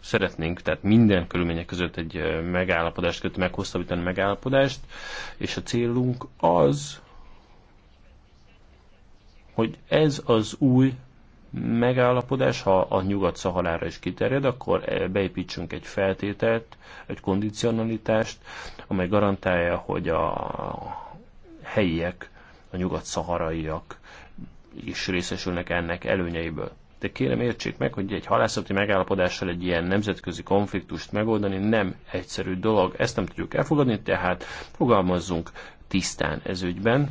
szeretnénk, tehát minden körülmények között egy megállapodást kötni, meghosszabbítani megállapodást, és a célunk az, hogy ez az új megállapodás, ha a nyugat szahalára is kiterjed, akkor eh, beépítsünk egy feltételt, egy kondicionalitást, amely garantálja, hogy a helyiek, a nyugat-szaharaiak is részesülnek ennek előnyeiből. De kérem értsék meg, hogy egy halászati megállapodással egy ilyen nemzetközi konfliktust megoldani nem egyszerű dolog. Ezt nem tudjuk elfogadni, tehát fogalmazzunk tisztán ez ügyben.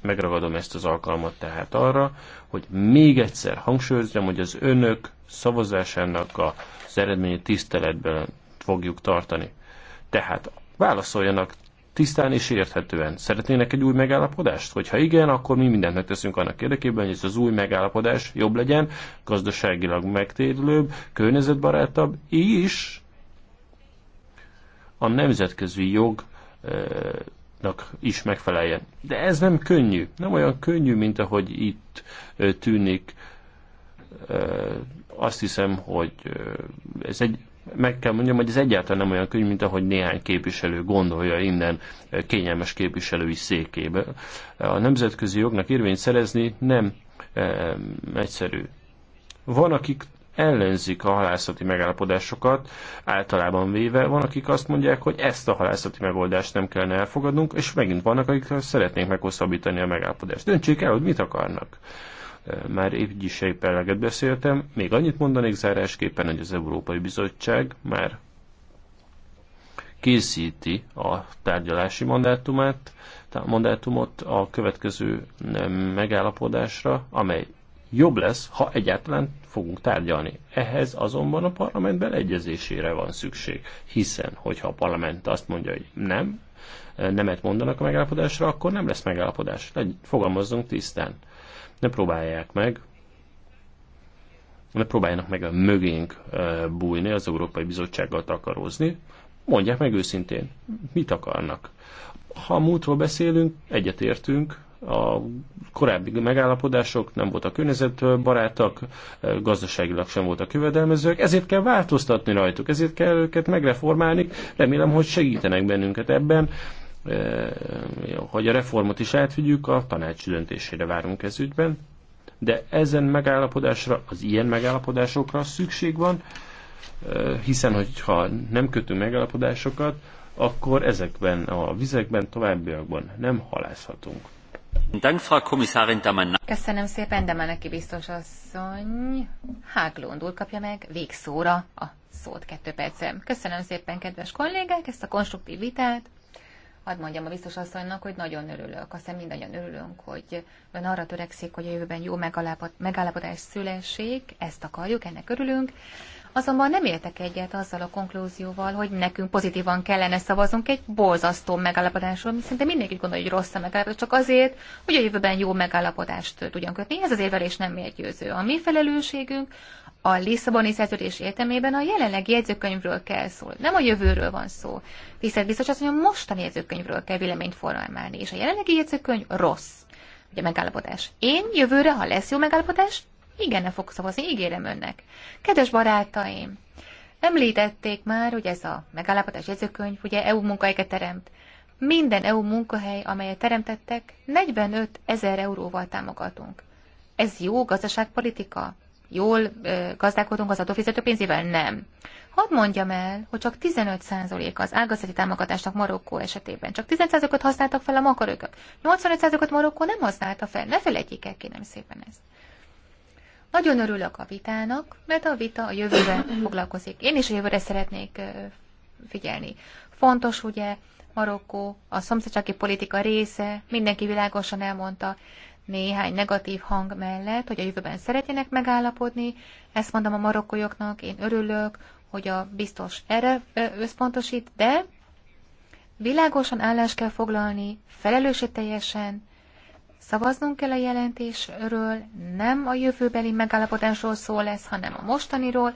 Megragadom ezt az alkalmat tehát arra, hogy még egyszer hangsúlyozzam, hogy az önök szavazásának az eredményét tiszteletben fogjuk tartani. Tehát válaszoljanak tisztán és érthetően. Szeretnének egy új megállapodást? Hogyha igen, akkor mi mindent megteszünk annak érdekében, hogy ez az új megállapodás jobb legyen, gazdaságilag megtérülőbb, környezetbarátabb, és a nemzetközi jog eh, is megfeleljen. De ez nem könnyű. Nem olyan könnyű, mint ahogy itt tűnik. Azt hiszem, hogy ez egy, meg kell mondjam, hogy ez egyáltalán nem olyan könnyű, mint ahogy néhány képviselő gondolja innen kényelmes képviselői székébe. A nemzetközi jognak érvényt szerezni nem egyszerű. Van, akik ellenzik a halászati megállapodásokat, általában véve van, akik azt mondják, hogy ezt a halászati megoldást nem kellene elfogadnunk, és megint vannak, akik szeretnék meghosszabbítani a megállapodást. Döntsék el, hogy mit akarnak. Már így is eleget beszéltem, még annyit mondanék zárásképpen, hogy az Európai Bizottság már készíti a tárgyalási mandátumát, mandátumot a következő megállapodásra, amely jobb lesz, ha egyáltalán fogunk tárgyalni. Ehhez azonban a parlament beleegyezésére van szükség, hiszen, hogyha a parlament azt mondja, hogy nem, nemet mondanak a megállapodásra, akkor nem lesz megállapodás. fogalmazzunk tisztán. Ne próbálják meg, ne próbáljanak meg a mögénk bújni, az Európai Bizottsággal takarózni. Mondják meg őszintén, mit akarnak. Ha a múltról beszélünk, egyetértünk, a korábbi megállapodások nem voltak környezetbarátak, eh, gazdaságilag sem voltak követelmezőek, ezért kell változtatni rajtuk, ezért kell őket megreformálni. Remélem, hogy segítenek bennünket ebben, eh, hogy a reformot is átvigyük, a tanács döntésére várunk ez ügyben. De ezen megállapodásra, az ilyen megállapodásokra szükség van, eh, hiszen hogyha nem kötünk megállapodásokat, akkor ezekben a vizekben továbbiakban nem halászhatunk. Köszönöm szépen, de Meneki biztos asszony. Háglund úr kapja meg végszóra a szót kettő percem. Köszönöm szépen, kedves kollégák, ezt a konstruktív vitát. Hadd mondjam a biztos asszonynak, hogy nagyon örülök. Aztán mindannyian örülünk, hogy ön arra törekszik, hogy a jövőben jó megállapodás szülessék. Ezt akarjuk, ennek örülünk. Azonban nem értek egyet azzal a konklúzióval, hogy nekünk pozitívan kellene szavazunk egy borzasztó megállapodásról, mint szinte mindenki gondolja, hogy rossz a megállapodás, csak azért, hogy a jövőben jó megállapodást tudjon kötni. Ez az érvelés nem győző. A mi felelősségünk a Lisszaboni szerződés értelmében a jelenlegi jegyzőkönyvről kell szól, nem a jövőről van szó. Tisztelt biztos azt mondja, mostani jegyzőkönyvről kell véleményt formálni, és a jelenlegi jegyzőkönyv rossz. Ugye megállapodás. Én jövőre, ha lesz jó megállapodás, igen, ne fogok szavazni, ígérem önnek. Kedves barátaim, említették már, hogy ez a megállapodás jegyzőkönyv, ugye EU munkahelyeket teremt. Minden EU munkahely, amelyet teremtettek, 45 ezer euróval támogatunk. Ez jó gazdaságpolitika? Jól ö, gazdálkodunk az adófizető pénzével? Nem. Hadd mondjam el, hogy csak 15% az ágazati támogatásnak Marokkó esetében. Csak 15%-ot használtak fel a makarőköt. 85%-ot Marokkó nem használta fel. Ne felejtjék el, kérem szépen ezt. Nagyon örülök a vitának, mert a vita a jövőre foglalkozik. Én is a jövőre szeretnék figyelni. Fontos ugye Marokkó, a szomszédsági politika része, mindenki világosan elmondta néhány negatív hang mellett, hogy a jövőben szeretnének megállapodni. Ezt mondom a marokkóiaknak, én örülök, hogy a biztos erre összpontosít, de világosan állást kell foglalni, felelősségteljesen, Szavaznunk kell a jelentésről, nem a jövőbeli megállapodásról szól lesz, hanem a mostaniról,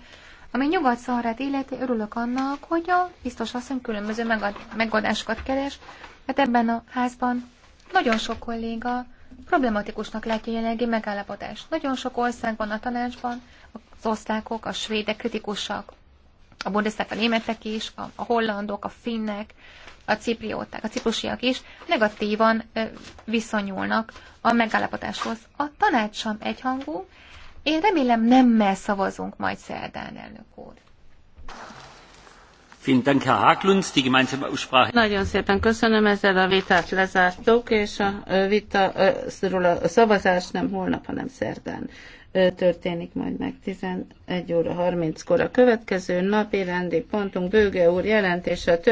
ami nyugat szaharát illeti, örülök annak, hogy a biztos asszony különböző megoldásokat keres, mert ebben a házban nagyon sok kolléga problematikusnak látja jelenlegi megállapodást. Nagyon sok ország van a tanácsban, az osztákok, a svédek kritikusak, a bundesztek, a németek is, a, a hollandok, a finnek, a ciprióták, a ciprusiak is negatívan viszonyulnak a megállapodáshoz. A tanács sem egyhangú, én remélem nemmel szavazunk majd szerdán, elnök úr. Nagyon szépen köszönöm, ezzel a vitát lezártuk, és a, vita, a szavazás nem holnap, hanem szerdán történik majd meg 11 óra 30-kor. A következő napi rendi pontunk Bőge úr jelentése több